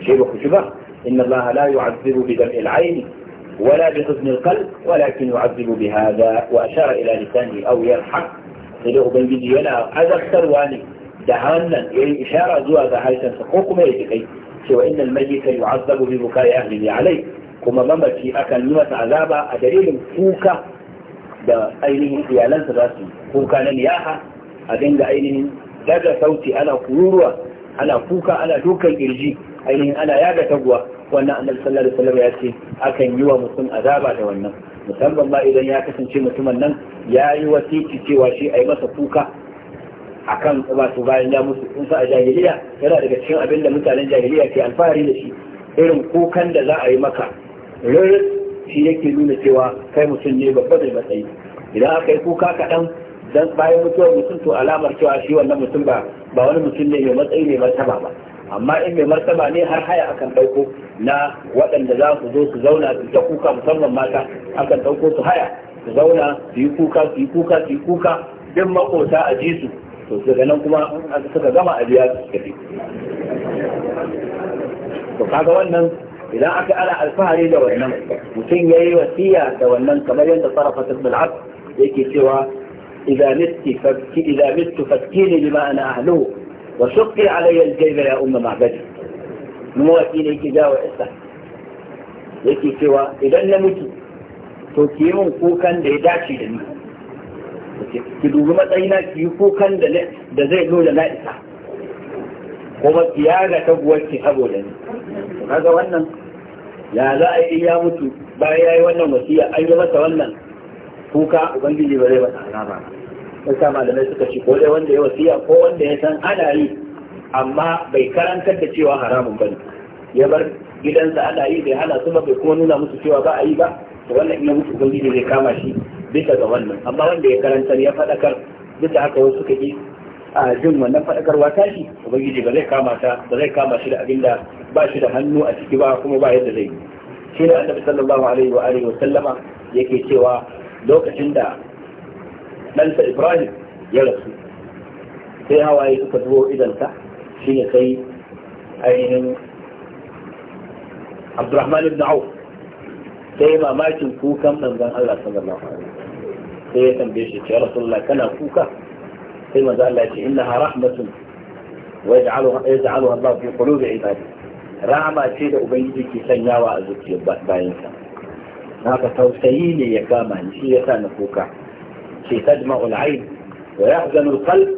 Speaker 1: shi ba ku ci ba إن الله لا يعذب بدمع العين ولا بحزن القلب ولكن يعذب بهذا وأشار إلى لسانه أو يلحق سلوه بن جدي ولا هذا السرواني دهانا يعني إشارة زوا ذهايسا سقوكم يتقي سوى إن الميت يعذب ببكاء أهله عليه كما مما في أكل نوة عذابة أدريل فوكا دا في ألان تغاسي فوكا نمياها أدين دا أينه دا صوتي أنا قلوروا أنا فوكا أنا دوكا إرجي أينه أنا يا تقوى wannan annabi sallallahu alaihi wasallam ya ce akan yi wa mutum azaba da wannan musamman ba idan ya kasance mutumin nan ya yi wasiki cewa shi a yi masa kuka akan wato bayan ya musu in sa a jahiliya yana daga cikin abin da mutanen jahiliya ke alfahari da shi irin kukan da za a yi maka rurrus shi yake nuna cewa kai mutum ne babba da matsayi idan aka yi kuka kaɗan dan bayan mutuwar mutum to alamar cewa shi wannan mutum ba ba wani mutum ne mai matsayi mai martaba ba amma in mai martaba ne har haya akan ɗauko na waɗanda za su zo su zauna su ta kuka musamman mata akan ɗauko su haya su zauna su yi kuka su yi kuka su yi kuka duk makota a ji su to daga nan kuma suka gama a biya su tafi to kaga wannan idan aka ana alfahari da wannan mutum ya yi wasiya da wannan kamar yadda sarrafa tasbil abd yake cewa idan mitti ne idan mitti ana wa shukki alayya aljayba ya umma ma'badi mawaki ne yake jawo isa yake cewa idan na mutu to ki yi min kukan da ya dace da ni ki dubi matsayina ki yi kukan da zai nuna na isa kuma ki yaga taguwarki saboda ni kaga wannan ya za a yi mutu bayan ya yi wannan wasiya an yi masa wannan kuka Uban ubangiji ba zai masa azaba ba sa malamai suka ci ko dai wanda ya wasiya ko wanda ya san ana yi amma bai karantar da cewa haramun ba bane ya bar gidansa ana yi bai hana su ba bai kuma nuna musu cewa ba a yi ba to wannan ina musu ne zai kama shi bisa ga wannan amma wanda ya karantar ya faɗakar duk da haka wasu suka yi a jin wannan faɗakarwa tashi ubangiji ba zai kama ta ba zai kama shi da abinda ba shi da hannu a ciki ba kuma ba yadda zai yi shi ne annabi sallallahu alaihi wa alihi wa sallama yake cewa lokacin da ɗansa ibrahim ya rasu sai hawaye suka zuwa idansa shi ne sai ainihin abdurrahman ibn auf sai mamakin kukan manzon allah sallallahu alaihi sai ya tambaye shi ya rasulullah kana kuka sai manzo allah ya ce innaha rahmatun wa yaj'aluha yaj'aluha allah fi qulubi ibadihi rahama ce da ubangiji ke sanyawa a zuciyar bayansa haka tausayi ne ya kama ni shi yasa na kuka التي تدمع العين ويحزن القلب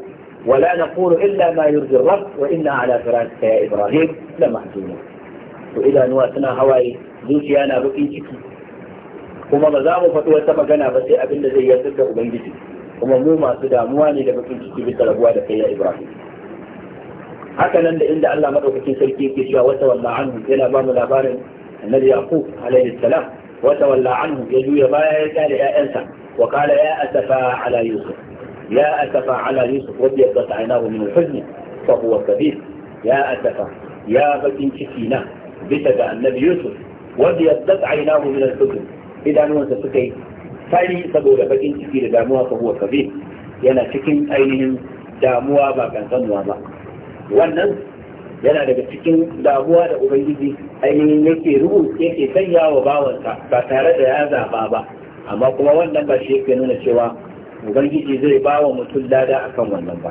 Speaker 1: ولا نقول إلا ما يرضي الرب وإنا على فراسك يا إبراهيم لمحزونون وإذا نواتنا هواي زوجي أنا بقيتكي وما مزاغ فتوى سمكنا بسيء بالذي يسد أبيتكي وما موما سداموني لبقيتكي بطلبوا لك يا إبراهيم هكذا لأن إن الله مدعو في سلكي كيشيا وتولى عنه إلى بام الأبارن الذي يقول عليه السلام وتولى عنه يجوي ما يتالي يا إنسان وقال يا أسفا على يوسف يا أسفا على يوسف وابيضت عيناه من الحزن فهو كبير يا أسفا يا بكين شكينا بتبع النبي يوسف وابيضت عيناه من الحزن إذا نوانت سكي ثاني سبولة بكين شكي لداموها فهو كبير yana cikin ainihin damuwa ba kansanuwa ba wannan yana daga cikin damuwa da ubangiji ainihin yake rubu yake sanya wa bawansa ba tare da ya zaba ba amma kuma wannan ba shi yake nuna cewa ubangiji zai ba wa mutum lada akan wannan ba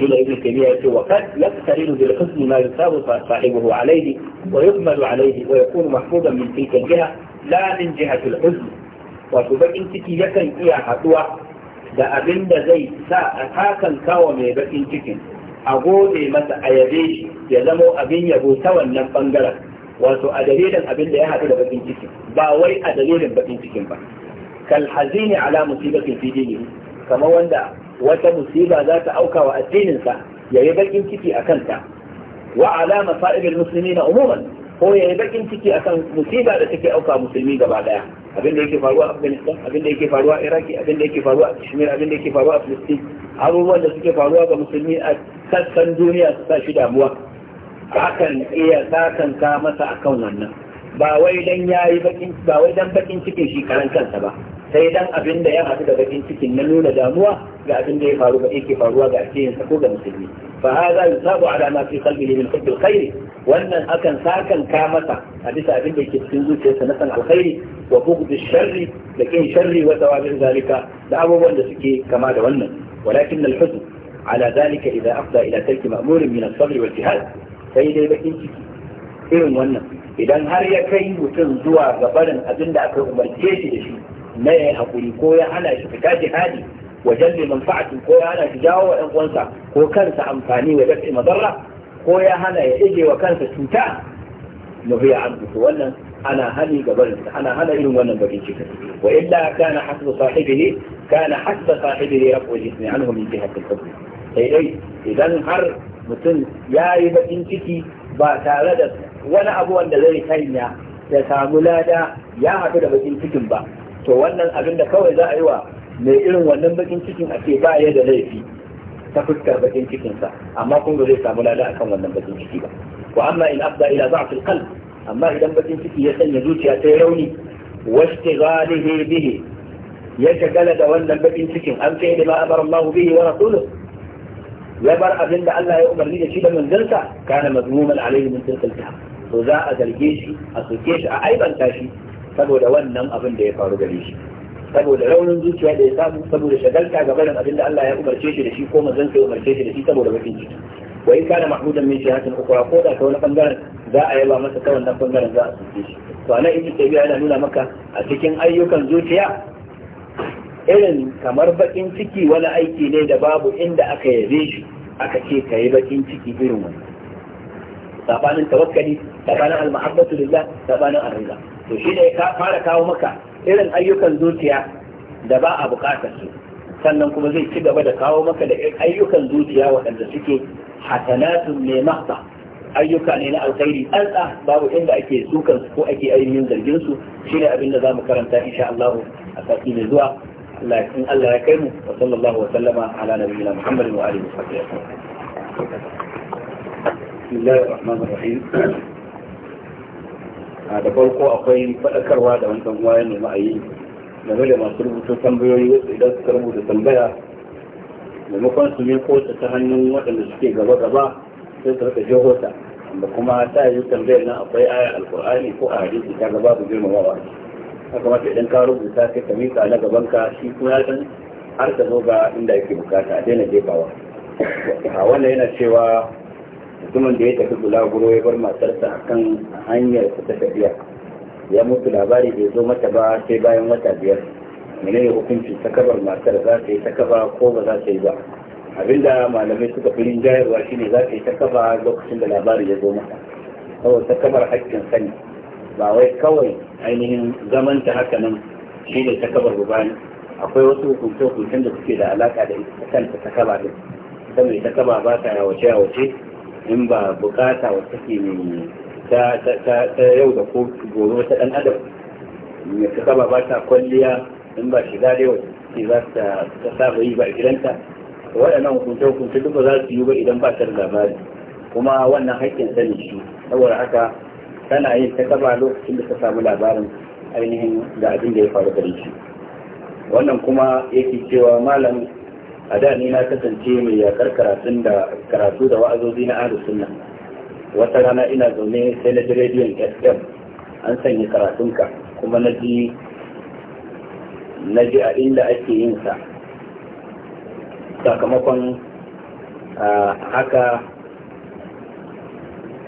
Speaker 1: shi da ibn tabiya yace wa qad yaqtarinu bil husni ma yusabu sahibihi alayhi wa yuhmalu alayhi wa yakunu mahfudan min tilka jiha la min jihati al husn wato bakin ciki yakan iya haduwa da abin da zai sa a hakan kawo mai bakin cikin a gode masa a yabe shi ya zamo abin yabo ta wannan bangaren wato a dalilin abin da ya haɗu da bakin ciki ba wai a dalilin bakin cikin ba kal hazini ala musibatin fi kamar wanda wata musiba za ta auka wa addininsa ya yi bakin ciki a kanta wa ala masa'ibin musulmi na umuman ko ya yi bakin ciki akan musiba da take auka musulmi gaba abin da yake faruwa a afghanistan abin da yake faruwa a iraki abin da yake faruwa a kashmir abin da yake faruwa a filistin suke faruwa ga a sassan duniya su sa shi damuwa hakan iya masa akan wannan ba wai dan yayi bakin ba wai dan bakin cikin shi karan kansa ba sai dan abin da ya haɗu da bakin cikin na nuna damuwa ga abin da ya faru ga yake faruwa ga addinin sa ko ga musulmi fa hadha yusabu ala ma fi qalbihi min hubbil khair wannan akan sakan ka masa a bisa abin da yake cikin zuciyarsa na san alkhairi wa bughd sharri da kin sharri wa tawabin zalika da abubuwan da suke kama da wannan walakin al-huzn ala zalika idza afda ila tarki ma'mur min as-sabr wal jihad sai dai bakin ciki irin wannan idan har ya kai mutum zuwa ga barin abin da aka umarce shi da shi na ya yi hakuri ko ya hana shi jihadi wajen mai manfa'ati ko ya hana shi jawo wa 'yan uwansa ko kansa amfani wa dafi madarra ko ya hana ya ije wa kansa cuta nuhiya an to wannan ana hani ga barin ana hana irin wannan bakin ciki wa illa sai dai idan har mutum ya yi bakin ciki ba tare da wani abu wanda zai sanya ya samu lada ya haɗu da bakin cikin ba to wannan abin da kawai za a yi wa mai irin wannan bakin cikin ake ba ya da laifi ta fuskar bakin cikinsa amma kun ba zai samu lada akan wannan bakin ciki ba wa amma in abda ila za'f al amma idan bakin ciki ya sanya zuciya ta rauni washtighalihi bihi ya shagala da wannan bakin cikin an fi da ma amara Allah bihi wa rasuluhu ya bar abin da Allah ya umarni da shi da manzansa kana mazmuman alaihi min tilka to za a zarge shi a soke shi a aibanta shi saboda wannan abin da ya faru gare shi saboda raunin zuciya da ya samu saboda shagalta ga barin abin da Allah ya umarce shi da shi ko manzon sai umarce shi da shi saboda bakin ciki wa in kana mahmudan min jihatin ukra ko da ta wani bangaren za a yaba masa ta wannan bangaren za a tsuke shi to anan ibnu tabi'a yana nuna maka a cikin ayyukan zuciya irin kamar bakin ciki wani aiki ne da babu inda aka yabe shi aka ce ka yi bakin ciki irin wannan sabanin tawakkali sabanin almahabbatu lillah sabanin ar to shi ne ya fara kawo maka irin ayyukan zuciya da ba a bukatar su sannan kuma zai ci gaba da kawo maka da ayyukan zuciya waɗanda suke hasanatun ne mahta ayyuka ne na alkhairi tsantsa babu inda ake sukan su ko ake ainihin zargin su shine abin da za mu karanta insha Allah a sati mai zuwa Allah in Allah ya kai mu wa sallallahu wa sallama ala nabiyina Muhammadin wa alihi wa sahbihi bismillahir a da farko akwai faɗakarwa da wancan wayan da ma'ayi a yi da masu rubutu tambayoyi wasu idan suka rubuta tambaya maimakon su ne ko ta hannun waɗanda suke gaba gaba sai su rika jihota da kuma ta yi tambayar nan akwai aya alkur'ani ko a hadisi ta gaba ku girmamawa haka mata idan ka rubuta sai ka mika na gaban ka shi kuma dan har ka zo ga inda yake bukata a daina jefawa a wannan yana cewa mutumin da ya tafi bulaguro ya bar matarsa kan hanyar ta tafiya ya mutu labari bai zo mata ba sai bayan wata biyar mene ne hukunci takabar matar za ta yi takaba ko ba za ta yi ba abinda malamai suka fi rinjayarwa shine za ta yi takaba lokacin da labari ya zo mata kawai takabar hakkin sani ba wai kawai ainihin zaman ta haka nan shine takabar ne. akwai wasu hukunce hukuncen da suke da alaka da ita kanta takaba din ta mai takaba ba ta yawace yawace in ba bukata wata ke ne ta yau da ko gobe ta dan adam ya ta saba ba ta kwalliya in ba shiga dai wata ce za ta saba yi ba a gidanta waɗannan hukunce hukunce duk ba za su yi ba idan ba ta da labari kuma wannan haƙƙin sani shi saboda haka tana yin ta kaba lokacin da ta samu labarin ainihin da abin da ya faru da shi wannan kuma yake cewa malam a da ni na kasance mai yakar karatun da karatu da wa'azozi na ahlus sunna wata rana ina zaune sai na ji rediyon FM an sanya karatunka kuma na ji na ji a inda ake yin sa sakamakon haka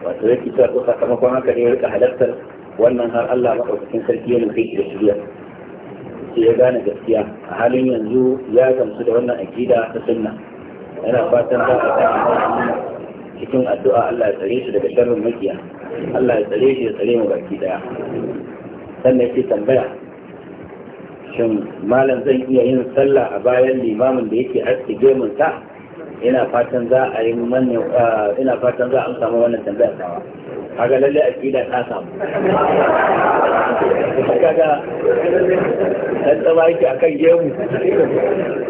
Speaker 1: wato ya fito sakamakon haka ne ya rika halartar wannan har Allah maɗaukakin sarki ya nufi da shirya ya gane gaskiya a halin yanzu ya gamsu da wannan akida ta sunna yana fatan za a ta cikin addu'a Allah ya tsare shi daga sharrin makiya Allah ya tsare shi ya tsare mu baki daya sannan yake tambaya shin malam zan iya yin sallah a bayan limamin da yake aske gemun sa ina fatan za a yi manne ina fatan za a samu wannan tambayar tawa ga lalle aƙida ta samu kaga dan tsaba yake akan gemu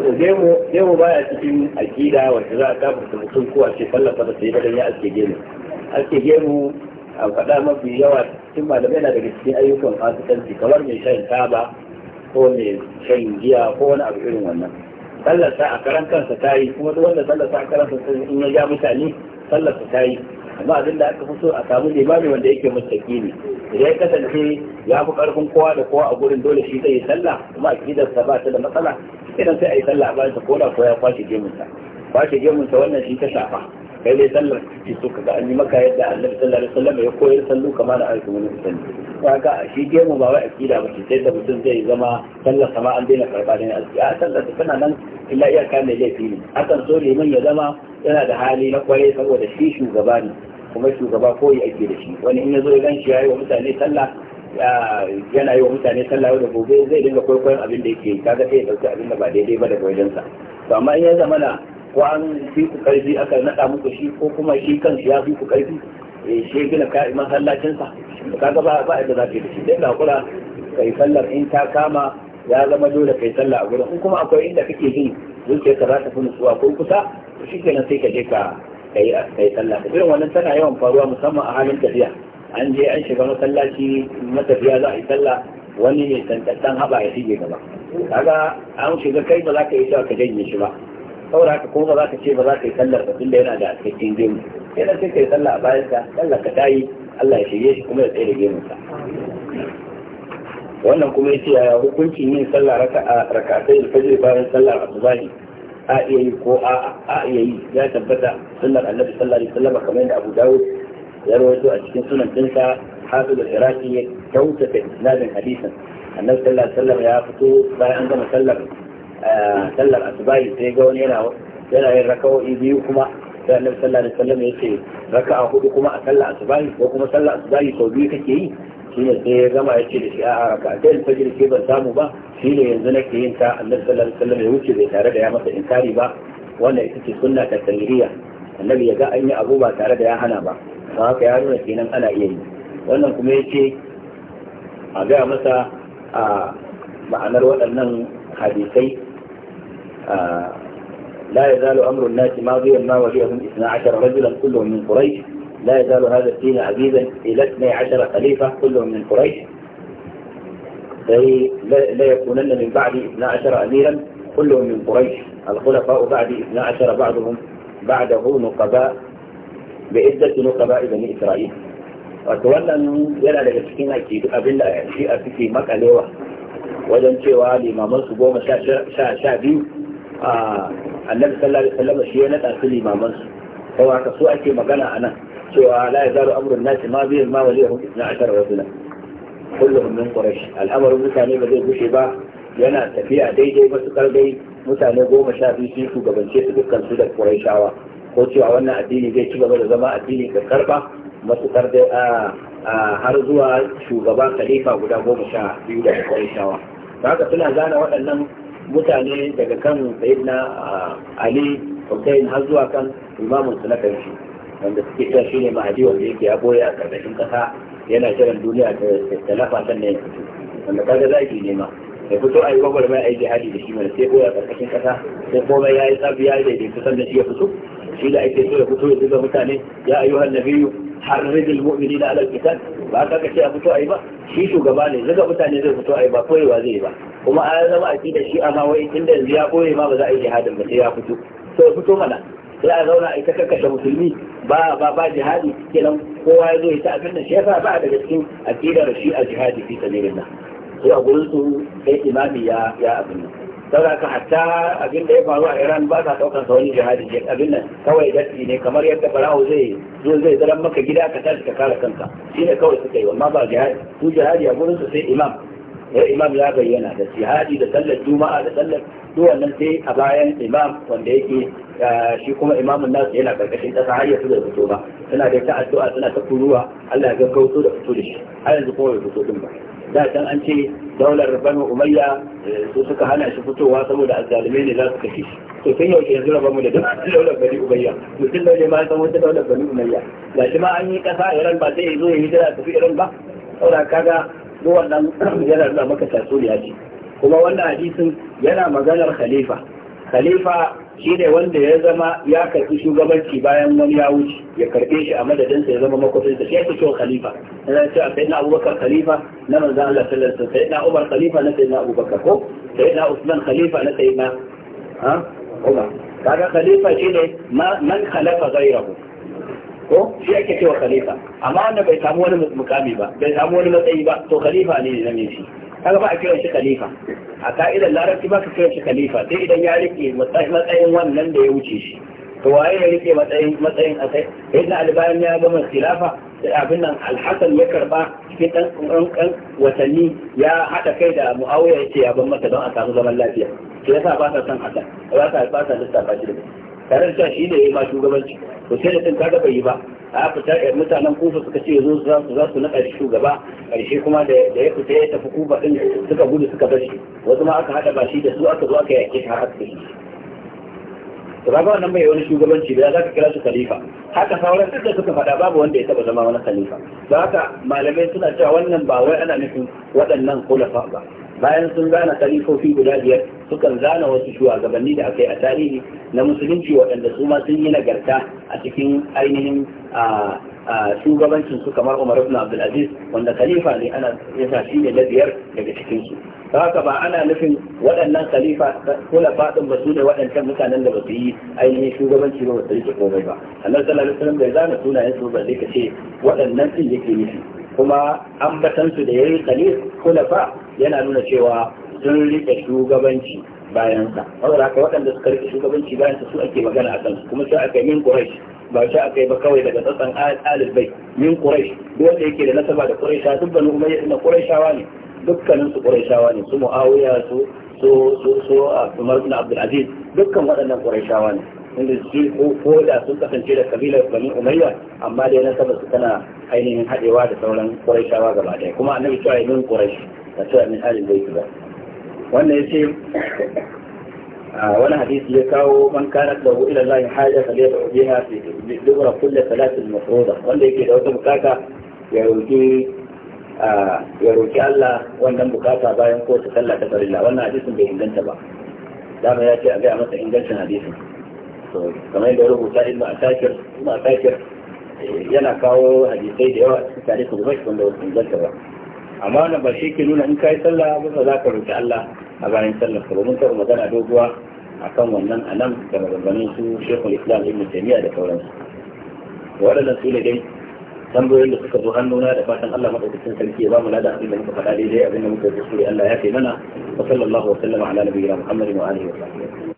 Speaker 1: to gemu gemu baya cikin aƙida wacce za a kafa mutum ko a ce fallafa da sai da ya aske gemu aske gemu a faɗa mafi yawa cikin malamai na daga cikin ayyukan fasikanci kamar mai shan taba ko mai shan giya ko wani abu irin wannan sallarsa a karan kansa ta yi kuma duk wanda sallarsa a karan kansa in ya ja mutane sallarsa ta yi amma abin da aka fi so a samu limami wanda yake mutaki ne idan ya kasance ya fi karfin kowa da kowa a gurin dole shi zai yi sallah kuma a akidarsa ba ta da matsala idan sai a yi sallah a bayan ko da ko ya kwashe gemunsa kwashe gemunsa wannan shi ta shafa kai dai sallar kake so kaga an yi maka yadda annabi sallallahu alaihi wasallam ya koyar sallu kamar da aiki wani sallu kaga shi mu ba wai akida ba sai da mutum zai zama sallar sama an daina karba ne a sallar tana nan illa iyaka mai laifi ne akan so liman ya zama yana da hali na kwarai saboda shi shugaba ne kuma shugaba koyi ake da shi wani in ya zo ya gan shi ya yi wa mutane sallah yana yi wa mutane sallah da gobe zai dinga kwaikwayon abin da yake kaga sai ya dauki abin da ba daidai ba daga wajensa to amma in ya zama na ko an fi ku karfi aka naɗa muku shi ko kuma shi kan ya fi ku karfi eh, shi gina ka masallacinsa kaga ba ba da zafi da shi dai da kula kai sallar in ta kama ya zama dole kai sallar a gurin kuma akwai inda kake jin zuke ka za ta fi nutsuwa ko kusa to shi kenan sai ka je ka kai kai sallah irin wannan tana yawan faruwa musamman a halin tafiya an je an shiga masallaci matafiya za a yi sallah wani ne tantattan haba ya shige gaba kaga an shiga kai ba za ka yi cewa ka janye shi ba saboda haka kuma ba za ka ce ba za ka yi sallar ba tunda yana da cikakken gemu yana sai ka yi sallah a bayan sa sallar ka tayi Allah ya shirye shi kuma ya tsaye da gemun sa wannan kuma yace yaya hukuncin yin sallah raka'a raka'atai alfajr bayan sallar asubahi a iya yi ko a a iya yi ya tabbata sunnar annabi sallallahu alaihi wasallam kamar yadda Abu Dawud ya rawaito a cikin sunan dinsa Hafiz al-Iraqi ya kyautata isnadin hadisin annabi sallallahu alaihi wasallam ya fito bayan an gama sallar sallar asubahi sai ga wani yana yana yin raka'o'i biyu kuma sai annabi sallallahu alaihi wasallam ya raka'a hudu kuma a sallar asubahi ko kuma sallar asubahi sau biyu kake yi shine sai ya gama ya ce da shi a raka'a da yin fajr ke ban samu ba shine yanzu nake yin ta annabi sallallahu alaihi wasallam ya wuce bai tare da ya masa inkari ba wannan ita ce sunna ta tahiriya annabi ya ga an yi abu ba tare da ya hana ba don haka ya nuna kenan ana iya yi wannan kuma ya ce a gaya masa a ma'anar waɗannan hadisai آه، لا يزال أمر الناس ماضيا ما وليهم 12 رجلا كلهم من قريش لا يزال هذا الدين عزيزا إلى 12 خليفة كلهم من قريش لا يكونن من بعد 12 أميرا كلهم من قريش الخلفاء بعد 12 بعضهم بعده نقباء بعدة نقباء بني إسرائيل wato wannan yana daga cikin akidu abin da shi a suke makalewa wajen cewa limaman su goma sha biyu annabi sallallahu alaihi wasallam shi ya nada su limaman su ko haka su ake magana a nan cewa la zaru amrun nasi ma bi ma waliyahu 12 rajula kulluhum min quraish al'amarin mutane ba zai gushe ba yana tafiya daidai ba su dai mutane goma sha biyu sun shugabance su dukkan su da quraishawa ko cewa wannan addini zai ci gaba da zama addini ka karba matukar a har zuwa shugaba khalifa guda goma sha biyu da quraishawa haka suna zana waɗannan mutane daga kan sayyidina ah, ali hussein har zuwa kan imamun su na kanshi wanda suke cewa shine mahadi wanda yake ya boye a karkashin kasa yana jiran duniya ta lafa sannan ya fito wanda kaga zaki nema ya fito a yi gwagwarmaya a yi jihadi da shi mana sai boye a karkashin kasa sai komai ya yi tsabi ya yi daidai, kusan sannan shi ya fito shi da ake so ya fito ya zuga mutane ya ayyuhan nabiyyu harrijul mu'minina ala alqital ba ka kace a fito ayi ba shi shugaba ne zuga mutane zai fito ayi ba koyewa zai ba kuma a ya zama a da shi amma wai inda yanzu ya koye ma ba za a yi jihadin ba sai ya fito sai ya fito mana sai a zauna a ita kakkashe musulmi ba ba ba jihadi kenan kowa ya zo ya ta abin da shi yasa ba daga cikin aqidar shi a jihadi fi sabilillah sai a gurin su sai imami ya ya abin nan saboda ka hatta abin da ya faru a Iran ba sa daukar sa wani jihadi ne abin nan kawai dadi ne kamar yadda barawo zai zo zai zaran maka gida ka tashi ka kare kanka shine kawai suka yi amma ba jihadi su jihadi a gurin su sai imam ya eh, imam ya bayyana da jihadi da sallar juma'a da sallar duk wannan sai a bayan imam wanda yake eh, shi kuma imamun nasu yana karkashin kasa har ya da fito ba suna da ta addu'a suna ta kuruwa Allah ya da fito da shi har yanzu kuma bai fito din ba da can an ce daular banu umayya eh, su suka hana shi fitowa saboda azzalume ne za su kashe shi to tun yaushe yanzu rabamu da duk daular bani umayya mutum ne ma san wata daular bani umayya ga shi ma an yi kasa iran ba sai ya zo ya hijira tafi iran ba saboda kaga duk wannan yana nuna maka ya ce kuma wannan hadisin yana maganar khalifa khalifa shine wanda ya zama ya karbi shugabanci bayan wani ya wuce ya karbe shi a madadinsa ya zama makwabcin sa shi ake cewa khalifa ana cewa na Abubakar khalifa na manzon Allah sallallahu alaihi wasallam sayyidina Umar khalifa na na Abubakar ko na Usman khalifa na sayyidina ha Umar kaga khalifa shine man khalafa ghayrahu ko shi ake cewa khalifa amma wanda bai samu wani mukami ba bai samu wani matsayi ba to khalifa ne na shi kaga ba a kiran shi khalifa a ka'idar larabci ba ka kiran shi khalifa sai idan ya rike matsayin wannan da ya wuce shi to waye ya rike matsayin matsayin a sai idan albayan ya gama khilafa sai abin nan Alhassan ya karba cikin dan kan watanni ya hada kai da muawiya yace ya ban mata don a samu zaman lafiya sai yasa ba sa san hasan ba sa ba sa lissafa shi da tare da shi ne ya ma shugabanci to sai da din kaga bai yi ba a fita eh, mutanen kufa suka ce zo za su za su naɗa shugaba ƙarshe kuma da ya fita ya tafi kufa ɗin suka gudu suka bar shi wasu ma aka haɗa ba shi da su aka zo aka yake ta har shi to ba wannan bai wani shugabanci da za ka kira su khalifa haka sauran duk da suka faɗa babu wanda ya taɓa zama wani khalifa don haka malamai suna cewa wannan ba wai ana nufin waɗannan kulafa ba bayan sun zana kalifofi guda biyar sukan zana wasu shugabanni da aka yi a tarihi na musulunci waɗanda su ma sun yi nagarta a cikin ainihin shugabancin su kamar Umar ibn Abdul Aziz wanda khalifa ne ana yasa shi ne na biyar daga cikin su haka ba ana nufin waɗannan khalifa kula fadin ba su ne waɗancan mutanen da ba su yi ainihin shugabanci ba ba su rike komai ba Allah sallallahu alaihi wasallam bai zana sunayen su ba zai ka waɗannan din yake nufi kuma ambatan su da yayi khalif kulafa yana nuna cewa sun rike shugabanci bayan sa saboda haka waɗanda suka rike shugabanci bayan su ake magana a kansu kuma sai aka yi min ba shi aka yi ba kawai daga tsatsan alil bai min quraish wanda yake da nasaba da quraisha duk banu umayya na quraishawa ne dukkanin su quraishawa ne su muawiya su umar ibn abdul aziz dukkan waɗannan quraishawa ne inda su ko da sun kasance da kabilar bani umayya amma dai nasaba su tana ainihin haɗewa da sauran quraishawa gaba kuma annabi cewa min quraish ba cewa min alil bai ba wannan wani hadisi ya kawo man kana lahu ila Allah haja fa yad'u biha fi dubra kulli salati al-mafruḍa wanda yake da wata bukata ya roki ya roki Allah wannan bukata bayan ko ta sallah ta farilla wannan hadisin bai inganta ba dama ya ce a ga masa ingancin hadisin to kamar yadda rubuta ibnu asakir ibnu asakir yana kawo hadisai da yawa cikin tarihi da wanda wasu inganta ba amma amana ba shi ke nuna in kai sallah ba za ka roki Allah a bayan sallar ka domin kar magana doguwa akan wannan anan da maganganun su Sheikhul Islam Ibn Taymiyyah da sauransu waɗannan su ne dai tambayoyin da suka zo hannuna da fatan Allah madaukakin sarki ya ba mu lada abin da muka faɗa daidai abin da muka yi Allah ya kai mana wa sallallahu wa sallama ala nabiyina Muhammadin wa alihi wa sahbihi